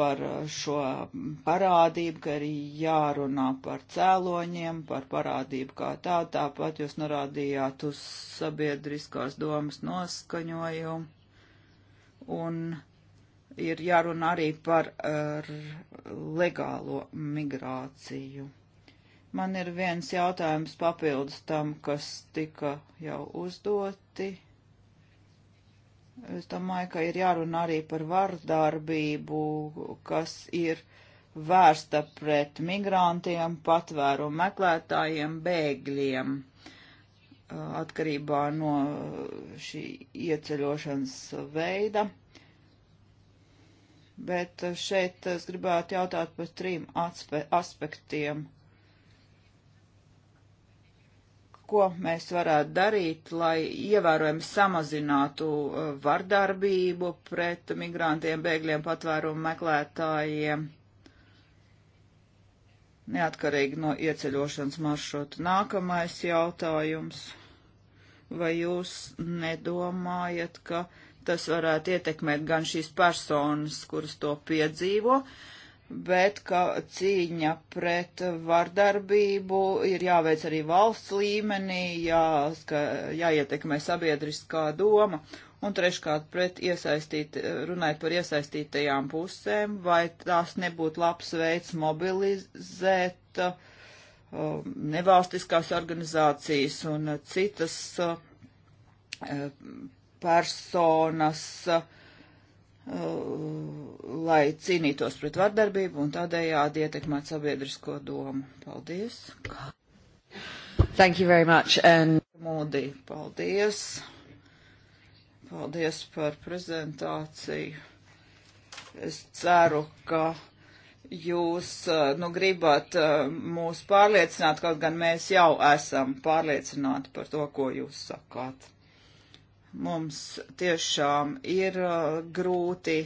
par šo parādību, ka arī jārunā par cēloņiem, par parādību kā tā, tāpat jūs norādījāt uz sabiedriskās domas noskaņojumu un ir jārunā arī par ar legālo migrāciju. Man ir viens jautājums papildus tam, kas tika jau uzdoti. Es domāju, ka ir jārunā arī par vardarbību, kas ir vērsta pret migrantiem, patvēru meklētājiem, bēgļiem. Uh, Uh, atkarībā no šī ieceļošanas veida. Bet uh, šeit es gribētu jautāt par trim aspe aspektiem. Ko mēs varētu darīt, lai ievērojami samazinātu uh, vardarbību pret migrantiem, bēgļiem, patvērumu meklētājiem? neatkarīgi no ieceļošanas maršruta. Nākamais jautājums. Vai jūs nedomājat, ka tas varētu ietekmēt gan šīs personas, kuras to piedzīvo, bet ka cīņa pret vardarbību ir jāveic arī valsts līmenī, jāska, jāietekmē sabiedriskā doma un treškārt pret iesaistīt, runājot par iesaistītajām pusēm, vai tās nebūtu labs veids mobilizēt uh, nevalstiskās organizācijas un citas uh, personas, uh, lai cīnītos pret vardarbību un tādējādi ietekmēt sabiedrisko domu. Paldies! Thank you very much. And... Mūdī, paldies! Paldies par prezentāciju. Es ceru, ka jūs eh, nu, gribat eh, mūs pārliecināt, kaut gan mēs jau esam pārliecināti par to, ko jūs sakāt. Mums tiešām ir eh, grūti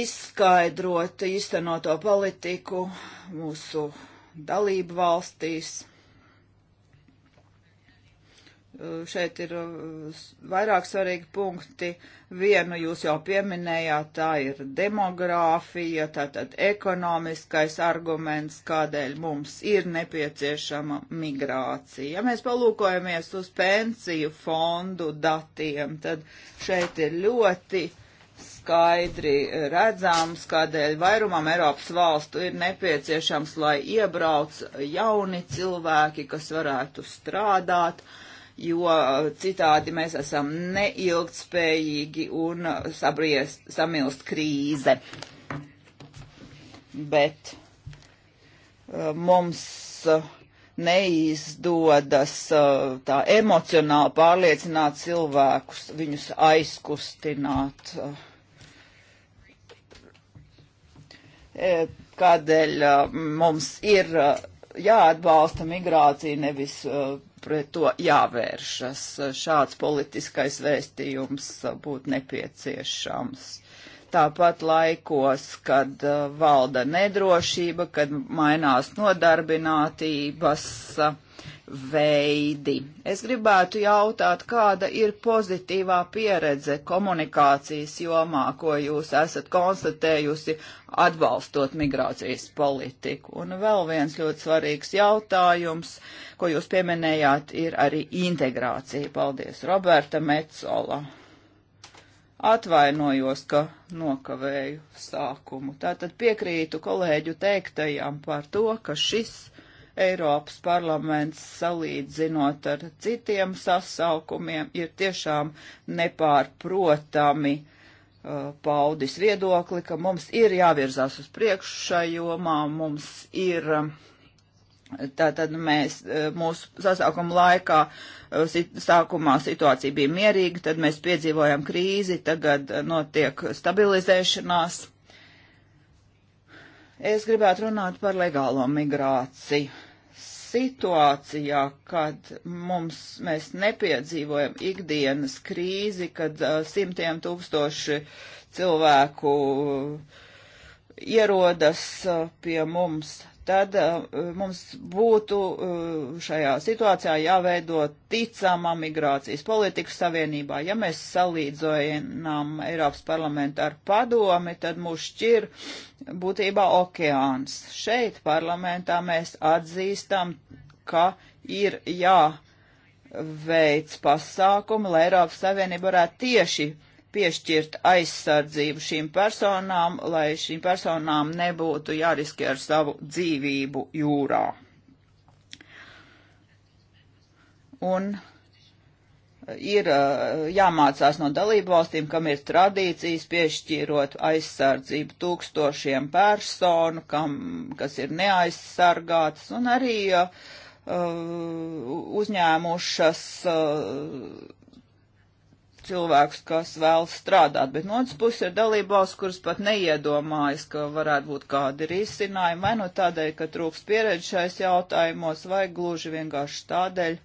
izskaidrot īstenoto politiku mūsu dalību valstīs Eh, šeit ir eh, vairāk svarīgi punkti. Vienu jūs jau pieminējāt, tā ir demogrāfija, tātad ekonomiskais arguments, kādēļ mums ir nepieciešama migrācija. Ja mēs palūkojamies uz pensiju fondu datiem, tad šeit ir ļoti skaidri redzams, kādēļ vairumam Eiropas valstu ir nepieciešams, lai iebrauc jauni cilvēki, kas varētu strādāt. Uh, jo eh, citādi mēs esam neilgtspējīgi un eh, sabriest, samilst krīze. Bet eh, mums neizdodas tā emocionāli pārliecināt cilvēkus, viņus aizkustināt. Kādēļ mums ir jāatbalsta migrācija, nevis pret to jāvēršas. Šāds politiskais vēstījums būtu nepieciešams. Tāpat laikos, kad uh, valda nedrošība, kad mainās nodarbinātības. Uh, veidi. Es gribētu jautāt, kāda ir pozitīvā pieredze komunikācijas jomā, ko jūs esat konstatējusi atbalstot migrācijas politiku. Un vēl viens ļoti svarīgs jautājums, ko jūs pieminējāt, ir arī integrācija. Paldies, Roberta Metzola. Atvainojos, ka nokavēju sākumu. Tātad piekrītu kolēģu teiktajam par to, ka šis Eiropas parlaments salīdzinot ar citiem sasaukumiem ir tiešām nepārprotami uh, paudis viedokli, ka mums ir jāvirzās uz priekšu šajomā, mums ir uh, Tātad mēs uh, mūsu sasaukuma laikā, uh, sākumā situācija bija mierīga, tad mēs piedzīvojam krīzi, tagad notiek stabilizēšanās. Es gribētu runāt par legālo migrāciju situācijā, kad mums, mēs nepiedzīvojam ikdienas krīzi, kad uh, simtiem tūkstoši cilvēku uh, ierodas uh, pie mums tad uh, mums būtu uh, šajā situācijā jāveido ticama migrācijas politikas savienībā. Ja mēs salīdzinām Eiropas parlamentu ar padomi, tad mūs šķir būtībā okeāns. Šeit parlamentā mēs atzīstam, ka ir jā veids pasākumi, lai Eiropas Savienība varētu tieši piešķirt aizsardzību šīm personām, lai šīm personām nebūtu jāriskē ar savu dzīvību jūrā. Un ir jāmācās no dalību valstīm, kam ir tradīcijas piešķīrot aizsardzību tūkstošiem personu, kam, kas ir neaizsargātas, un arī uh, uzņēmušas uh, cilvēkus, kas vēl strādāt, bet no otras puses ir dalībvalsts, kuras pat neiedomājas, ka varētu būt kādi risinājumi, vai nu no tādēļ, ka trūks pieredze šais jautājumos, vai gluži vienkārši tādēļ,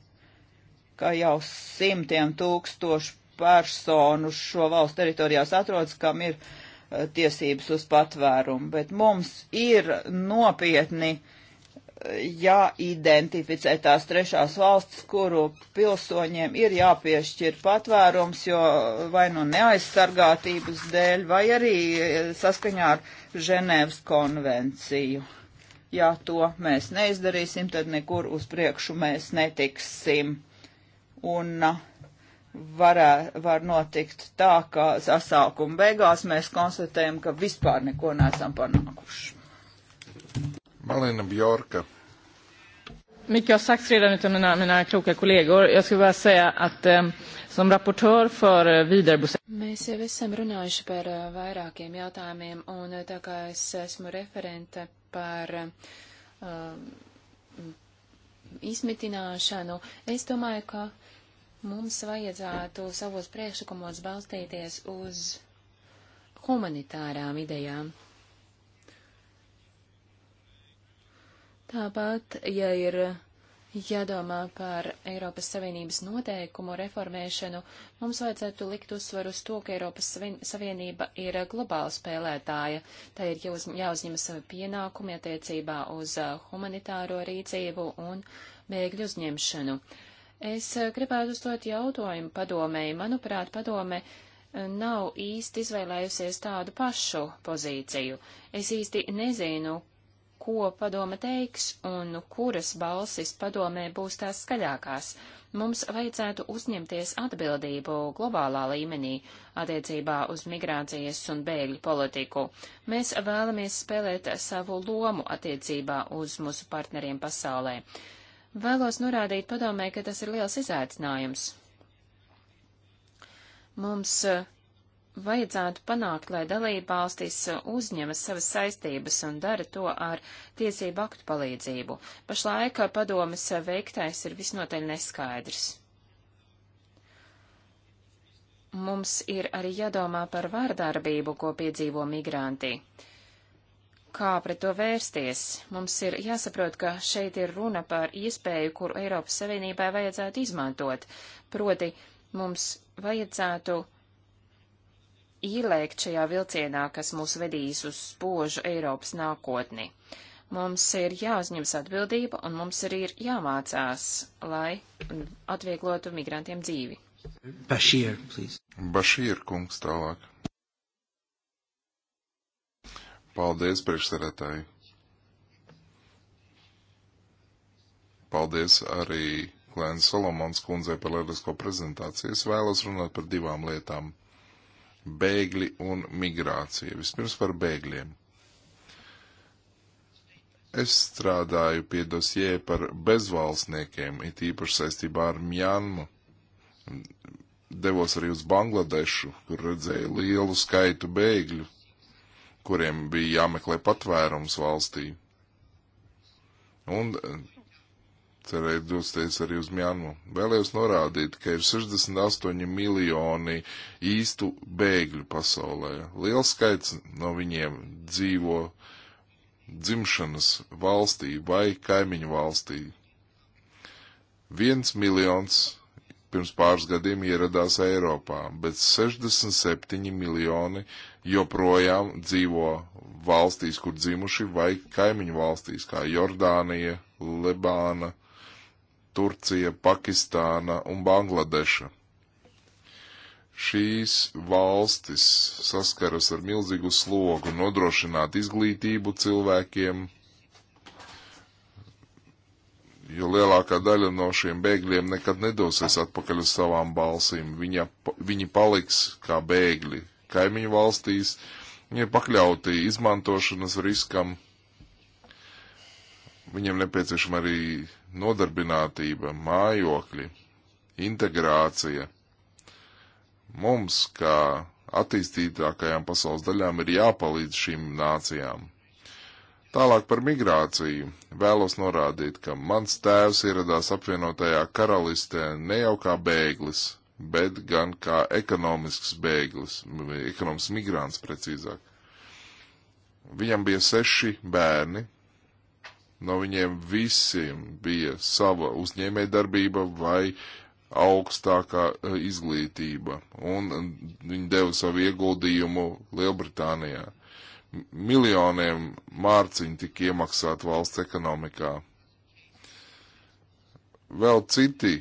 ka jau simtiem tūkstošu personu šo valstu teritorijās atrodas, kam ir eh, tiesības uz patvērumu, bet mums ir nopietni uh, jāidentificē tās trešās valsts, kuru pilsoņiem ir jāpiešķir patvērums, jo vai nu neaizsargātības dēļ, vai arī e, saskaņā ar Ženēvas konvenciju. Ja to mēs neizdarīsim, tad nekur uz priekšu mēs netiksim. Un e, varē, var notikt tā, ka sasākuma beigās mēs konstatējam, ka vispār neko nesam panākuši. Malina Bjorka. Mycket har sagts redan av mina, mina kloka kollegor. Jag skulle bara säga att eh, som rapportör för eh, vidarebosättning... Mēs jau esam runājuši par uh, vairākiem jautājumiem, un eh, tā kā es esmu referente par uh, izmitināšanu, es domāju, ka mums vajadzētu savos priekšlikumos balstīties uz humanitārām idejām. Tāpat, ja ir jādomā par Eiropas Savienības noteikumu reformēšanu, mums vajadzētu likt uzsvaru uz to, ka Eiropas Savienība ir globāla spēlētāja. Tā ir jāuz, jāuzņem savi pienākumi attiecībā uz humanitāro rīcību un bēgļu uzņemšanu. Es gribētu uzdot jautājumu padomēji. Manuprāt, padome nav īsti izvēlējusies tādu pašu pozīciju. Es īsti nezinu, ko padome teiks un kuras balsis padomē būs tās skaļākās. Mums vajadzētu uzņemties atbildību globālā līmenī attiecībā uz migrācijas un bēgļu politiku. Mēs vēlamies spēlēt savu lomu attiecībā uz mūsu partneriem pasaulē. Vēlos norādīt padomē, ka tas ir liels izaicinājums. Mums uh, vajadzētu panākt, lai dalībvalstis uzņemas savas saistības un dara to ar tiesību aktu palīdzību. Pašlaik padomas veiktais ir visnotaļ neskaidrs. Mums ir arī jādomā par vārdarbību, ko piedzīvo migranti. Kā pret to vērsties? Mums ir jāsaprot, ka šeit ir runa par iespēju, kuru Eiropas Savienībai vajadzētu izmantot. Proti, mums vajadzētu ielēkt šajā vilcienā, kas mūs vedīs uz spožu Eiropas nākotni. Mums ir jāuzņems atbildība un mums arī ir jāmācās, lai atvieglotu migrantiem dzīvi. Bašīr, please. Bašīr, kungs, tālāk. Paldies, priekšsarētāji. Paldies arī Lēna Solomons kundzei par lielisko prezentāciju. Es vēlos runāt par divām lietām bēgļi un migrācija. Vispirms par bēgļiem. Es strādāju pie dosjē par bezvalstniekiem, it īpaši saistībā ar Mjanmu. Devos arī uz Bangladešu, kur redzēju lielu skaitu bēgļu, kuriem bija jāmeklē patvērums valstī. Un cerēju dosties arī uz Mjanmu. Vēlējos norādīt, ka ir 68 miljoni īstu bēgļu pasaulē. Liels skaits no viņiem dzīvo dzimšanas valstī vai kaimiņu valstī. Viens miljons pirms pāris gadiem ieradās Eiropā, bet 67 miljoni joprojām dzīvo valstīs, kur dzimuši vai kaimiņu valstīs, kā Jordānija, Lebāna, Turcija, Pakistāna un Bangladeša. Šīs valstis saskaras ar milzīgu slogu nodrošināt izglītību cilvēkiem, jo lielākā daļa no šiem bēgļiem nekad nedosies atpakaļ uz savām balsīm. Viņa, viņi paliks kā bēgļi kaimiņu valstīs, viņi ir pakļauti izmantošanas riskam Viņiem nepieciešama arī nodarbinātība, mājokļi, integrācija. Mums, kā attīstītākajām pasaules daļām, ir jāpalīdz šīm nācijām. Tālāk par migrāciju. Vēlos norādīt, ka mans tēvs ieradās apvienotajā karalistē ne jau kā bēglis, bet gan kā ekonomisks bēglis, ekonomisks migrants precīzāk. Viņam bija seši bērni, No viņiem visiem bija sava uzņēmējdarbība vai augstākā e, izglītība, un e, viņi deva savu ieguldījumu Lielbritānijā. Miljoniem mārciņu tika iemaksāt valsts ekonomikā. Vēl citi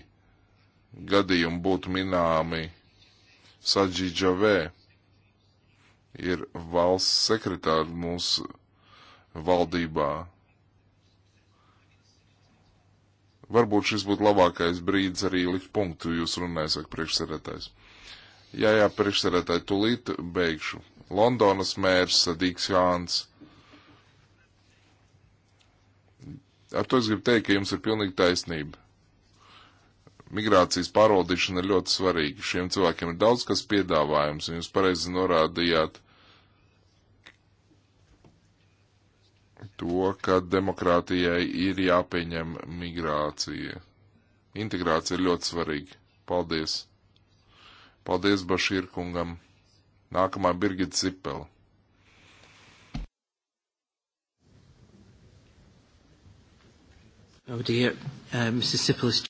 gadījumi būtu minēmi Sadžīdžavē ir valsts sekretārs mūsu valdībā. Varbūt šis būtu labākais brīdis arī likt punktu jūs runāja, saka priekšsarētājs. Jā, jā, priekšsarētāji, tulīt beigšu. Londonas mērs Sadīgs Jāns. Ar to es gribu teikt, ka jums ir pilnīgi taisnība. Migrācijas pārvaldīšana ir ļoti svarīga. Šiem cilvēkiem ir daudz kas piedāvājums, un jūs pareizi norādījāt, uh, to, ka demokrātijai ir jāpieņem migrācija. Integrācija ir ļoti svarīga. Paldies! Paldies Bašīrkungam! Nākamā Birgita Zipela. Oh dear, uh, Mrs. Zippel's...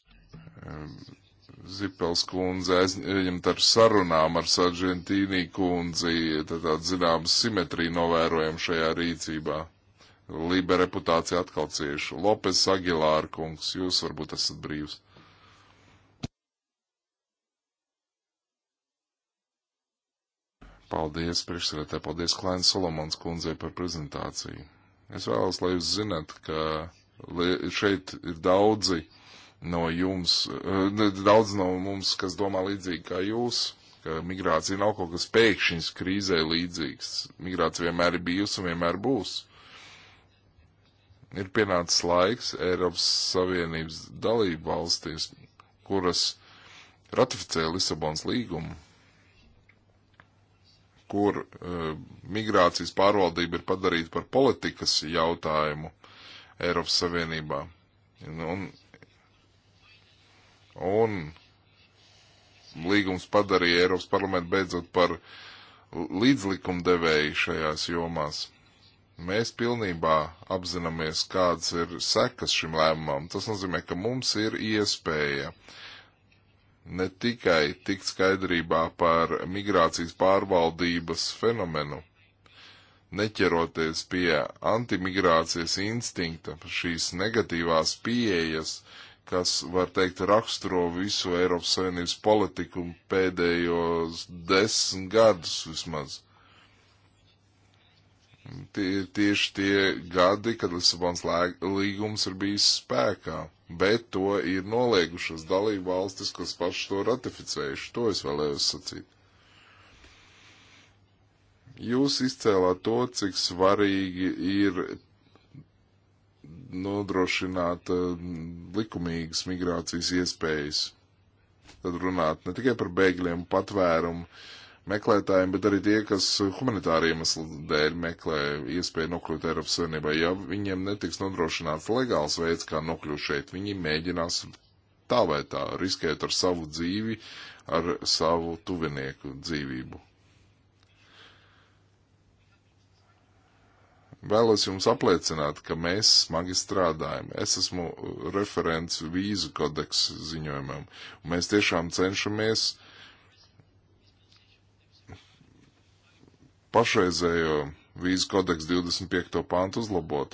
Um, Zipels kundze aizņemt ar sarunām ar Sargentīnī kundzi, tad tāda zināma simetrija novērojam šajā rīcībā. Libe reputācija atkal cieši. Lopes Agilāra kungs, jūs varbūt esat brīvs. Paldies, priekšsēdētāji, paldies Klēns Solomons kundzei par prezentāciju. Es vēlos, lai jūs zinat, ka šeit ir daudzi no jums, eh, daudz no mums, kas domā līdzīgi kā jūs, ka migrācija nav kaut kas pēkšņs krīzē līdzīgs. Migrācija vienmēr ir bijusi un vienmēr būs ir pienācis laiks Eiropas Savienības dalību valstīs, kuras ratificēja Lisabonas līgumu, kur uh, migrācijas pārvaldība ir padarīta par politikas jautājumu Eiropas Savienībā. Un, un līgums padarīja Eiropas parlamentu beidzot par līdzlikumdevēju šajās jomās. Mēs pilnībā apzināmies, kādas ir sekas šim lēmumam. Tas nozīmē, ka mums ir iespēja ne tikai tikt skaidrībā par migrācijas pārvaldības fenomenu, neķeroties pie antimigrācijas instinkta, šīs negatīvās pieejas, kas, var teikt, raksturo visu Eiropas Savienības politiku pēdējos desmit gadus vismaz tie, tieši tie gadi, kad Lisabons līgums ir bijis spēkā, bet to ir noliegušas dalību valstis, kas paši to ratificējuši. To es vēlējos sacīt. Jūs izcēlāt to, cik svarīgi ir nodrošināt eh, likumīgas migrācijas iespējas. Tad runāt ne tikai par bēgļiem, patvērumu, uh, meklētājiem, bet arī tie, kas humanitāriem dēļ meklē iespēju nokļūt Eiropas Savienībā. Ja viņiem netiks nodrošināts legāls veids, kā nokļūt šeit, viņi mēģinās tā vai tā riskēt ar savu dzīvi, ar savu tuvinieku dzīvību. Vēlos jums apliecināt, ka mēs smagi strādājam. Es esmu referents vīzu kodeksu ziņojumam. Mēs tiešām cenšamies uh, pašreizējo vīzu kodeksu 25. pāntu uzlabot.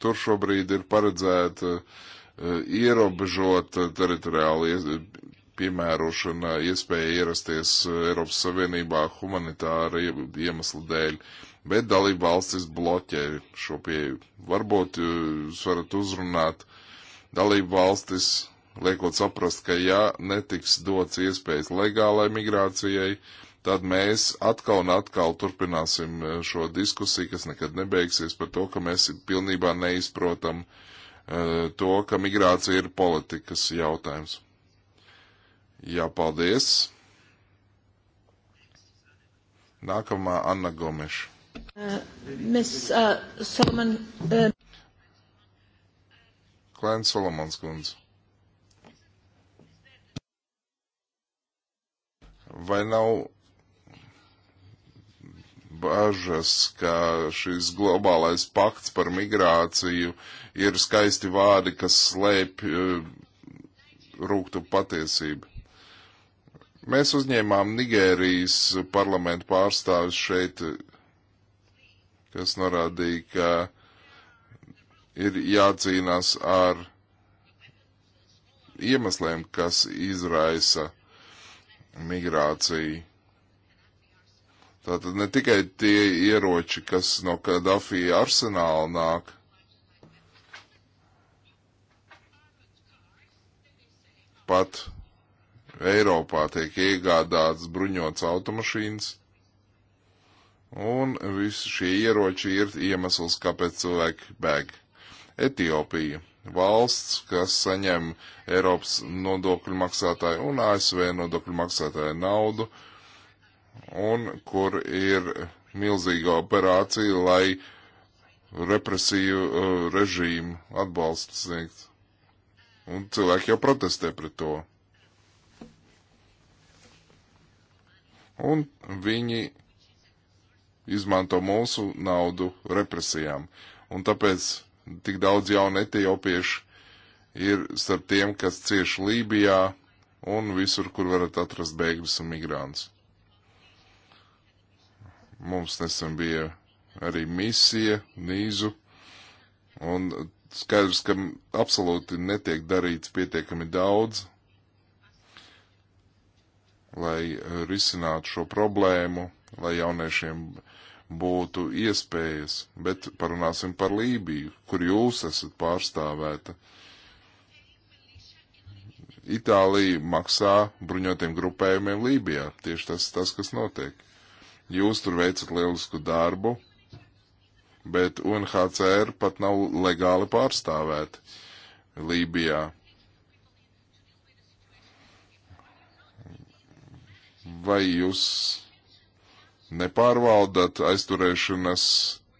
Tur šobrīd ir paredzēta uh, eh, ierobežota teritoriāla piemērošana, iespēja ierasties eh, Eiropas Savienībā humanitāra iemesla dēļ, bet dalība valstis bloķē šo pieeju. Varbūt eh, jūs varat uzrunāt dalību valstis liekot saprast, ka ja netiks dots iespējas legālai migrācijai, tad mēs atkal un atkal turpināsim e, šo diskusiju, kas nekad nebeigsies par to, ka mēs pilnībā neizprotam uh, to, ka migrācija ir politikas jautājums. Jā, paldies. Nākamā Anna Gomeša. Uh, Miss uh, Solomon. Uh... Klēns Solomons kundze. Vai nav bažas, ka šis globālais pakts par migrāciju ir skaisti vārdi, kas slēpj e, rūktu patiesību? Mēs uzņēmām Nigērijas parlamentu pārstāvis šeit, kas norādīja, ka ir jācīnās ar iemesliem, kas izraisa migrāciju. Tātad ne tikai tie ieroči, kas no Kadafija arsenāla nāk, pat Eiropā tiek iegādāts bruņots automašīnas, un visi šie ieroči ir iemesls, kāpēc cilvēki bēg. Etiopija valsts, kas saņem Eiropas nodokļu maksātāju un ASV nodokļu maksātāju naudu, un kur ir milzīga operācija, lai represīvu uh, režīmu atbalstu sniegt. Un cilvēki jau protestē pret to. Un viņi izmanto mūsu naudu represijām. Un tāpēc tik daudz jaunu etiopiešu ir starp tiem, kas cieš Lībijā un visur, kur varat atrast bēgļus un migrāns. Mums nesen bija arī misija, nīzu, un skaidrs, ka absolūti netiek darīts pietiekami daudz, lai risinātu šo problēmu, lai jauniešiem būtu iespējas, bet parunāsim par Lībiju, kur jūs esat pārstāvēta. Itālija maksā bruņotiem grupējumiem Lībijā. Tieši tas, tas, kas notiek. Jūs tur veicat lielisku darbu, bet UNHCR pat nav legāli pārstāvēti Lībijā. Vai jūs nepārvaldat aizturēšanas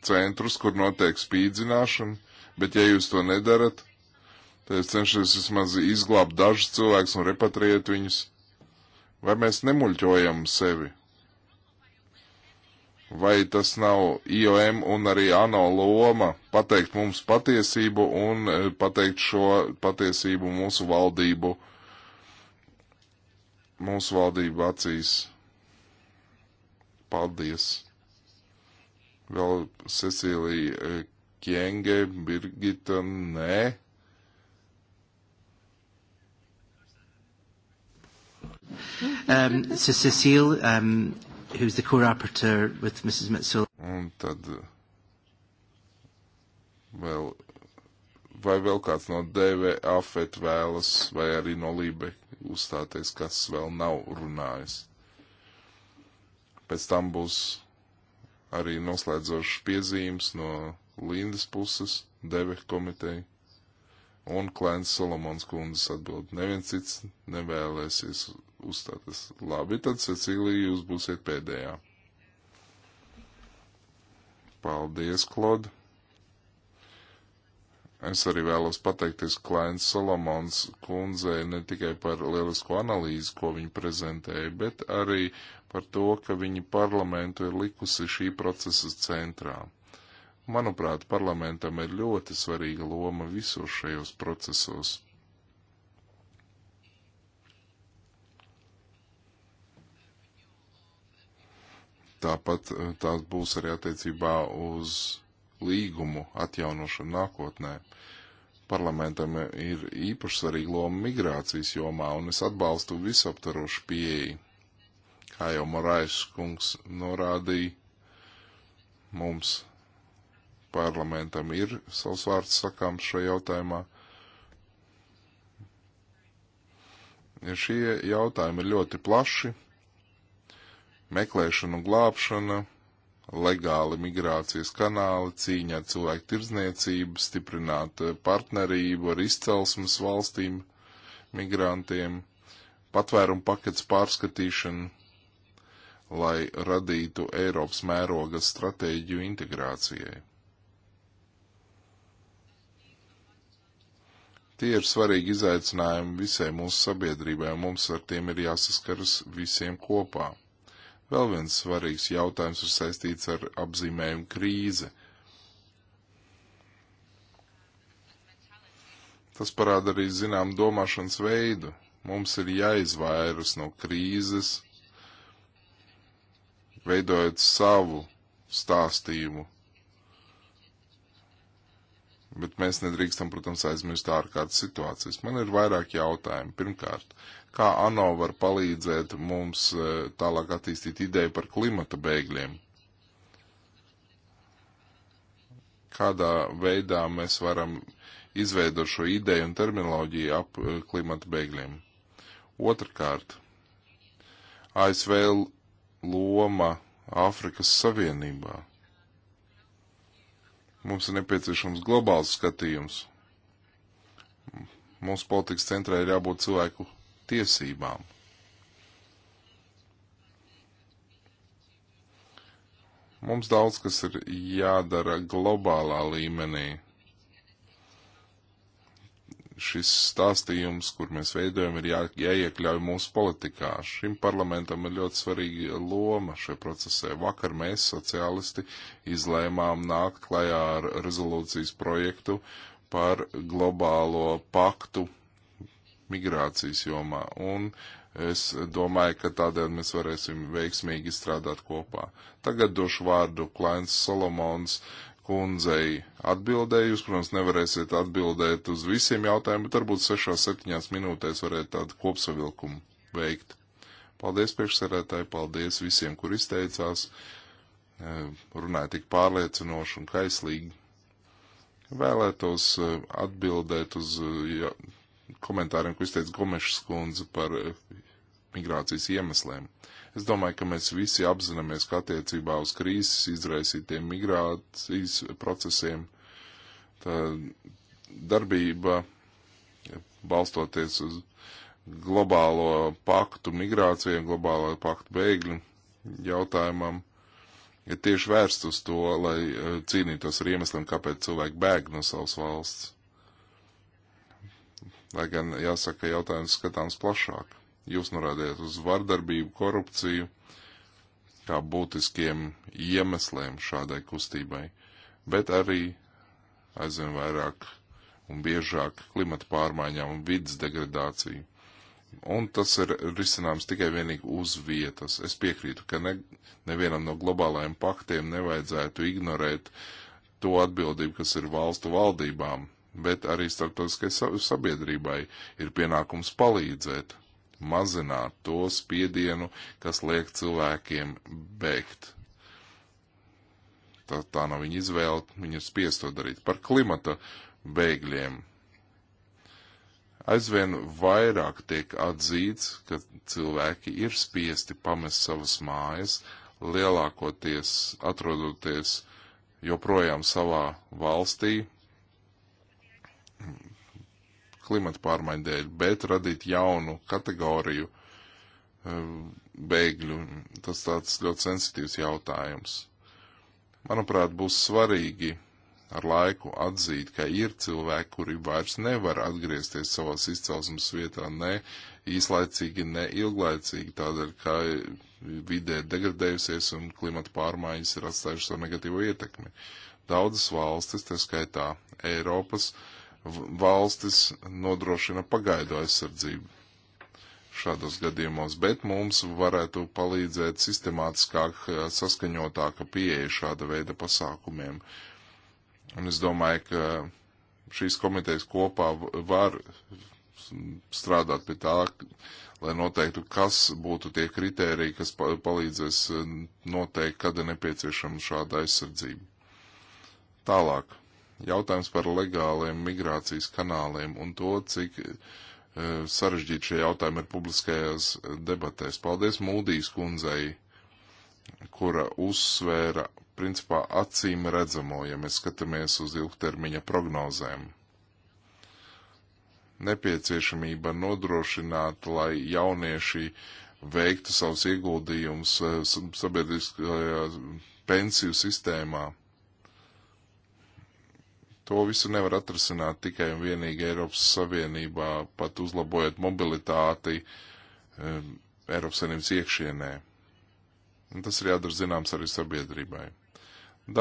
centrus, kur notiek spīdzināšana, bet ja jūs to nedarat, tad es cenšos vismaz izglābt dažus cilvēkus un repatriēt viņus. Vai mēs nemuļķojam sevi? Vai tas nav IOM un arī ANO loma pateikt mums patiesību un eh, pateikt šo patiesību mūsu valdību, mūsu valdību acīs? Paldies! Vēl Cecīlija e, Kienge, Birgita, nē. Um, so Cecile, um, who's the co-rapporteur with Mrs. Mitsula. Un tad vēl, vai vēl kāds no DV afet vēlas, vai arī no Lībe uzstāties, kas vēl nav runājis. Pēc tam būs arī noslēdzošs piezīmes no Lindas puses, Deve komiteja un Klēns Solomons kundzes atbild. Neviens cits nevēlēsies uzstāties. Labi, tad Cecīlija jūs būsiet pēdējā. Paldies, Klod! Es arī vēlos pateikties Klēns Solomons kundzei ne tikai par lielisko analīzi, ko viņa prezentēja, bet arī par to, ka viņi parlamentu ir likusi šī procesa centrā. Manuprāt, parlamentam ir ļoti svarīga loma visos šajos procesos. Tāpat eh, tās būs arī attiecībā uz līgumu atjaunošanu nākotnē. Parlamentam ir īpaši svarīga loma migrācijas jomā, un es atbalstu visaptarošu pieeju kā jau Morais kungs norādīja, mums parlamentam ir savs vārds sakāms šajā jautājumā. Ja šie jautājumi ir ļoti plaši. Meklēšana un glābšana, legāli migrācijas kanāli, cīņa ar cilvēku tirdzniecību, stiprināt eh, partnerību ar izcelsmes valstīm, migrantiem, patvērumu pakets pārskatīšana, lai radītu Eiropas mēroga stratēģiju integrācijai. Tie ir svarīgi izaicinājumi visai mūsu sabiedrībai, un mums ar tiem ir jāsaskaras visiem kopā. Vēl viens svarīgs jautājums ir saistīts ar apzīmējumu krīze. Tas parāda arī zinām domāšanas veidu. Mums ir jāizvairas no krīzes, veidojot savu stāstījumu. Bet mēs nedrīkstam, protams, aizmirst ārkārtas situācijas. Man ir vairāk jautājumu. Pirmkārt, kā ANO var palīdzēt mums e, tālāk attīstīt ideju par klimata bēgļiem? Kādā veidā mēs varam izveidot šo ideju un terminoloģiju ap e, klimata bēgļiem? Otrakārt, ASV loma Āfrikas Savienībā. Mums ir nepieciešams globāls skatījums. Mums politikas centrā ir jābūt cilvēku tiesībām. Mums daudz kas ir jādara globālā līmenī šis stāstījums, kur mēs veidojam, ir jā, jāiekļauj mūsu politikā. Šim parlamentam ir ļoti svarīga loma šajā procesē. Vakar mēs, sociālisti, izlēmām nākt klajā ar rezolūcijas projektu par globālo paktu migrācijas jomā. Un es domāju, ka tādēļ mēs varēsim veiksmīgi strādāt kopā. Tagad došu vārdu Klains Solomons. Uh, kundzei atbildējusi. Protams, nevarēsiet atbildēt uz visiem jautājumiem, bet varbūt 6-7 minūtēs varētu tādu kopsavilkumu veikt. Paldies priekšsarētāji, paldies visiem, kur izteicās, eh, runāja tik pārliecinoši un kaislīgi. Vēlētos eh, atbildēt uz eh, ja, komentāriem, ko izteica Gomešas kundze par migrācijas iemesliem. Uh, Es domāju, ka mēs visi apzināmies, ka attiecībā uz krīzes izraisītiem migrācijas procesiem darbība balstoties uz globālo paktu migrācijai, globālo paktu bēgļu jautājumam, ir ja tieši vērsts uz to, lai eh, cīnītos ar iemesliem, kāpēc cilvēki bēg no savas valsts. Lai gan jāsaka, jautājums skatāms plašāk. Jūs norādījāt uz vardarbību, korupciju kā būtiskiem iemesliem šādai kustībai, bet arī aizvien vairāk un biežāk klimata pārmaiņām un vidas degradāciju. Un tas ir risinājums tikai vienīgi uz vietas. Es piekrītu, ka ne, nevienam no globālajiem paktiem nevajadzētu ignorēt to atbildību, kas ir valstu valdībām, bet arī starptautiskai sabiedrībai ir pienākums palīdzēt mazināt to spiedienu, kas liek cilvēkiem bēgt. Tā, tā nav viņa izvēle, viņa ir spiest to darīt. Par klimata bēgļiem. Aizvien vairāk tiek atzīts, ka cilvēki ir spiesti pamest savas mājas, lielākoties atrodoties joprojām savā valstī, klimata pārmaiņu dēļ, bet radīt jaunu kategoriju eh, bēgļu. Tas tāds ļoti sensitīvs jautājums. Manuprāt, būs svarīgi ar laiku atzīt, ka ir cilvēki, kuri vairs nevar atgriezties savās izcelsmes vietā, ne īslaicīgi, ne ilglaicīgi, tādēļ, ka vidē degradējusies un klimata pārmaiņas ir atstājušas savu negatīvo ietekmi. Daudzas valstis, tā skaitā Eiropas, uh, valstis nodrošina pagaidu aizsardzību šādos gadījumos, bet mums varētu palīdzēt sistemātiskāk, eh, saskaņotāka pieeja šāda veida pasākumiem. Un es domāju, ka šīs komitejas kopā var strādāt pie tā, lai noteiktu, kas būtu tie kritēriji, kas palīdzēs eh, noteikt, kad ir nepieciešama šāda aizsardzība. Tālāk. Jautājums par legāliem migrācijas kanāliem un to, cik uh, sarežģīti šie jautājumi ir publiskajās debatēs. Paldies Mūdijas kundzei, kura uzsvēra principā acīm redzamo, ja mēs skatāmies uz ilgtermiņa prognozēm nepieciešamība nodrošināt, lai jaunieši veiktu savus ieguldījumus e, sabiedriskajā pensiju sistēmā. To visu nevar atrasināt tikai un vienīgi Eiropas Savienībā, pat uzlabojot mobilitāti um, Eiropas Savienības iekšienē. Un tas ir jādara zināms arī sabiedrībai.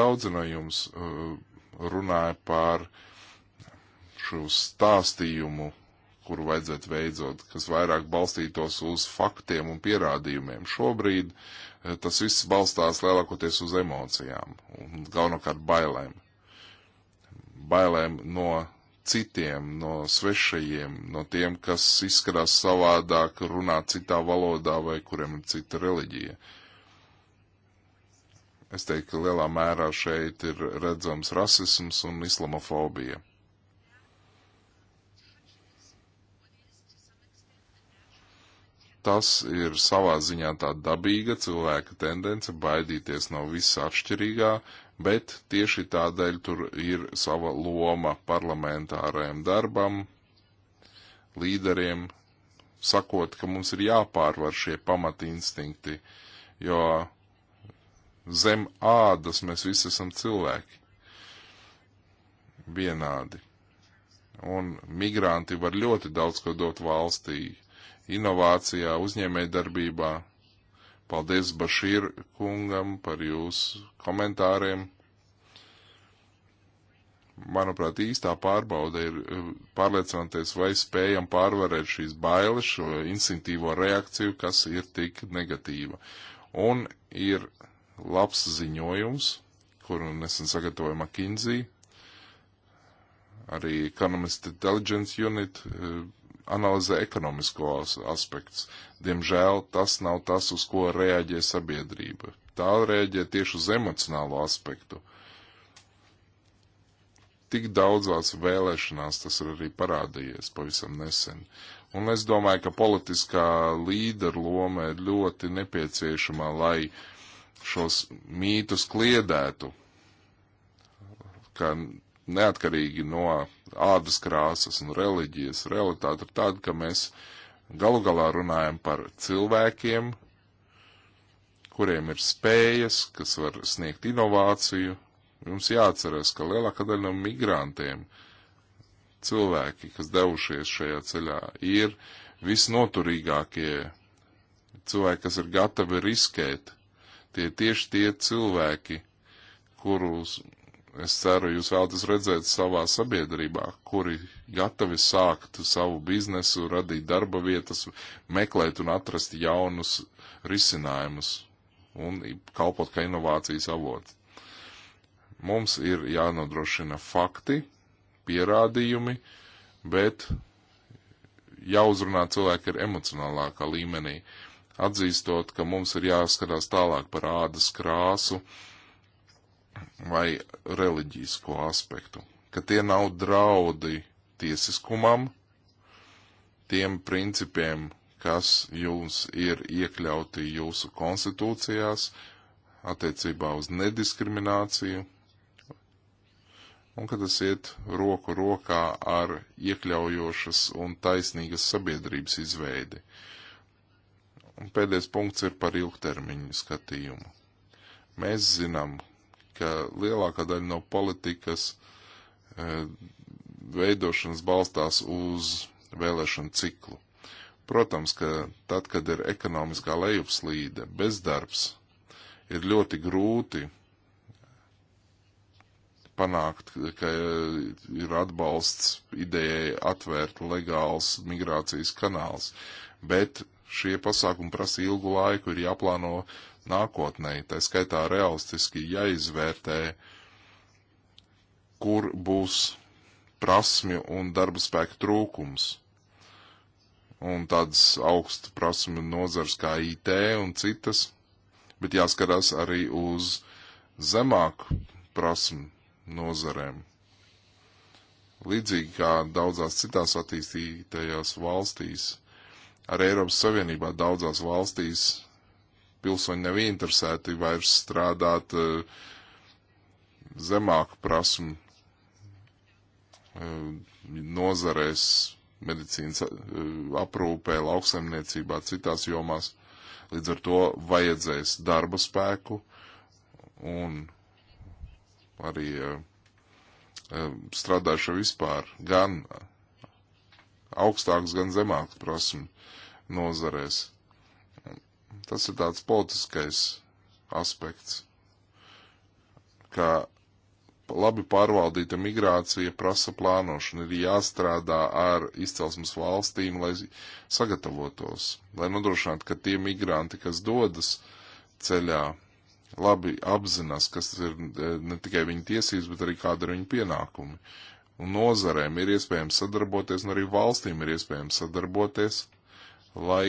Daudzi no jums uh, runāja par šo stāstījumu, kuru vajadzētu veidot, kas vairāk balstītos uz faktiem un pierādījumiem. Šobrīd e, tas viss balstās lielākoties uz emocijām un galvenokārt bailēm bailēm no citiem, no svešajiem, no tiem, kas izskatās savādāk, runā citā valodā vai kuriem ir cita reliģija. Es teiktu, ka lielā mērā šeit ir redzams rasisms un islamofobija. Tas ir savā ziņā tā dabīga cilvēka tendence baidīties no visa atšķirīgā, bet tieši tādēļ tur ir sava loma parlamentārajam darbam, līderiem, sakot, ka mums ir jāpārvar šie pamati instinkti, jo zem ādas mēs visi esam cilvēki vienādi. Un migranti var ļoti daudz ko dot valstī, inovācijā, uzņēmē darbībā, Paldies Bašīr kungam par jūsu komentāriem. Manuprāt, īstā pārbauda ir eh, pārliecināties, vai spējam pārvarēt šīs bailes, šo instinktīvo reakciju, kas ir tik negatīva. Un ir labs ziņojums, kuru nesen sagatavoja McKinsey, arī Economist Intelligence Unit eh, analizē ekonomiskos aspekts. Diemžēl tas nav tas, uz ko reaģē sabiedrība. Tā reaģē tieši uz emocionālo aspektu. Tik daudzās vēlēšanās tas ir arī parādījies pavisam nesen. Un es domāju, ka politiskā līdera loma ir ļoti nepieciešama, lai šos mītus kliedētu, ka neatkarīgi no ādas krāsas un reliģijas. Realitāte ir tāda, ka mēs galu galā runājam par cilvēkiem, kuriem ir spējas, kas var sniegt inovāciju. Jums jāatcerās, ka lielākā daļa no migrantiem cilvēki, kas devušies šajā ceļā, ir visnoturīgākie cilvēki, kas ir gatavi riskēt. Tie tieši tie cilvēki, kurus Es ceru, jūs vēlaties redzēt savā sabiedrībā, kuri gatavi sākt savu biznesu, radīt darba vietas, meklēt un atrast jaunus risinājumus un kalpot kā inovācijas avots. Mums ir jānodrošina fakti, pierādījumi, bet jāuzrunā cilvēki ir emocionālākā līmenī, atzīstot, ka mums ir jāskatās tālāk par ādas krāsu, uh, vai reliģisko aspektu, ka tie nav draudi tiesiskumam, tiem principiem, kas jums ir iekļauti jūsu konstitūcijās attiecībā uz nediskrimināciju, un ka tas iet roku rokā ar iekļaujošas un taisnīgas sabiedrības izveidi. Un pēdējais punkts ir par ilgtermiņu skatījumu. Mēs zinām, ka lielākā daļa no politikas e, veidošanas balstās uz vēlēšanu ciklu. Protams, ka tad, kad ir ekonomiskā lejupslīde, bezdarbs, ir ļoti grūti panākt, ka ir atbalsts idejai atvērt legāls migrācijas kanāls, bet šie pasākumi prasa ilgu laiku, ir jāplāno nākotnē, tā skaitā realistiski jāizvērtē, kur būs prasmju un darba spēka trūkums. Un tādas augstu prasmju nozars kā IT un citas, bet jāskatās arī uz zemāku prasmu nozarēm. Līdzīgi kā daudzās citās attīstītajās valstīs, arī Eiropas Savienībā daudzās valstīs pilsoņi nav interesēti vairs strādāt eh, zemāku prasmu eh, nozarēs, medicīnas eh, aprūpē, lauksaimniecībā, citās jomās. Līdz ar to vajadzēs darba spēku un arī strādājušo vispār gan augstāks, gan zemāks prasmu nozarēs. Tas ir tāds politiskais aspekts, ka labi pārvaldīta migrācija prasa plānošanu, ir jāstrādā ar izcelsmes valstīm, lai sagatavotos, lai nodrošinātu, ka tie migranti, kas dodas ceļā, labi apzinās, kas ir e, ne tikai viņa tiesības, bet arī kāda ir viņa pienākumi. Un nozarēm ir iespējams sadarboties, un arī valstīm ir iespējams sadarboties, lai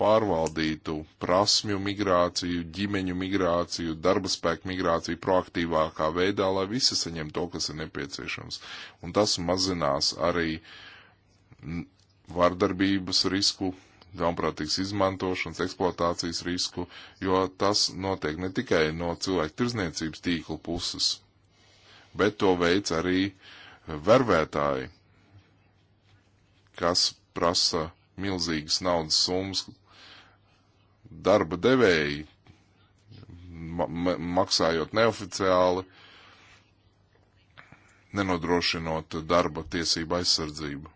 pārvaldītu prasmju migrāciju, ģimeņu migrāciju, darba spēku migrāciju proaktīvākā veidā, lai visi saņem to, kas ir nepieciešams. Un tas mazinās arī vardarbības risku, ļaunprātīgas izmantošanas, eksploatācijas risku, jo tas notiek ne tikai no cilvēku tirzniecības tīkla puses, bet to veids arī vervētāji, kas prasa milzīgas naudas summas darba devēji, ma ma maksājot neoficiāli, nenodrošinot darba tiesību aizsardzību.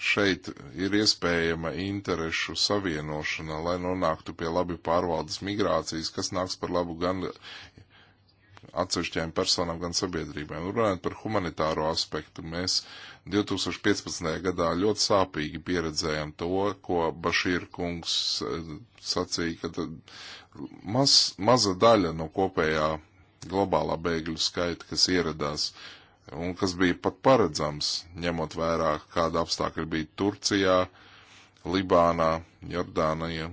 Šeit ir iespējama interešu savienošana, lai nonāktu pie labi pārvaldes migrācijas, kas nāks par labu gan atsevišķiem personām, gan sabiedrībām. Runājot par humanitāro aspektu, mēs 2015. gadā ļoti sāpīgi pieredzējām to, ko Bašīra kungs eh, sacīja, ka maz, maza daļa no kopējā globālā bēgļu skaita, kas ieradās, un kas bija pat paredzams, ņemot vērā, kāda apstākļa bija Turcijā, Libānā, Jordānijā,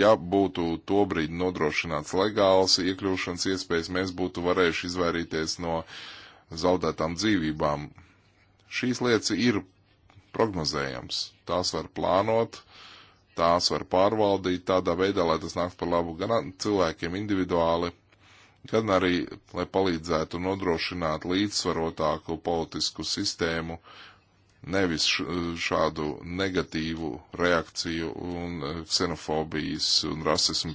ja būtu tobrīd nodrošināts legāls iekļūšanas iespējas, mēs būtu varējuši izvairīties no zaudētām dzīvībām. Šīs lietas ir prognozējams, tās var plānot, tās var pārvaldīt tādā veidā, lai tas nāks par labu gan cilvēkiem individuāli, gan arī, lai palīdzētu nodrošināt līdzsvarotāku politisku sistēmu, nevis šādu negatīvu reakciju un eh, ksenofobijas un rasismu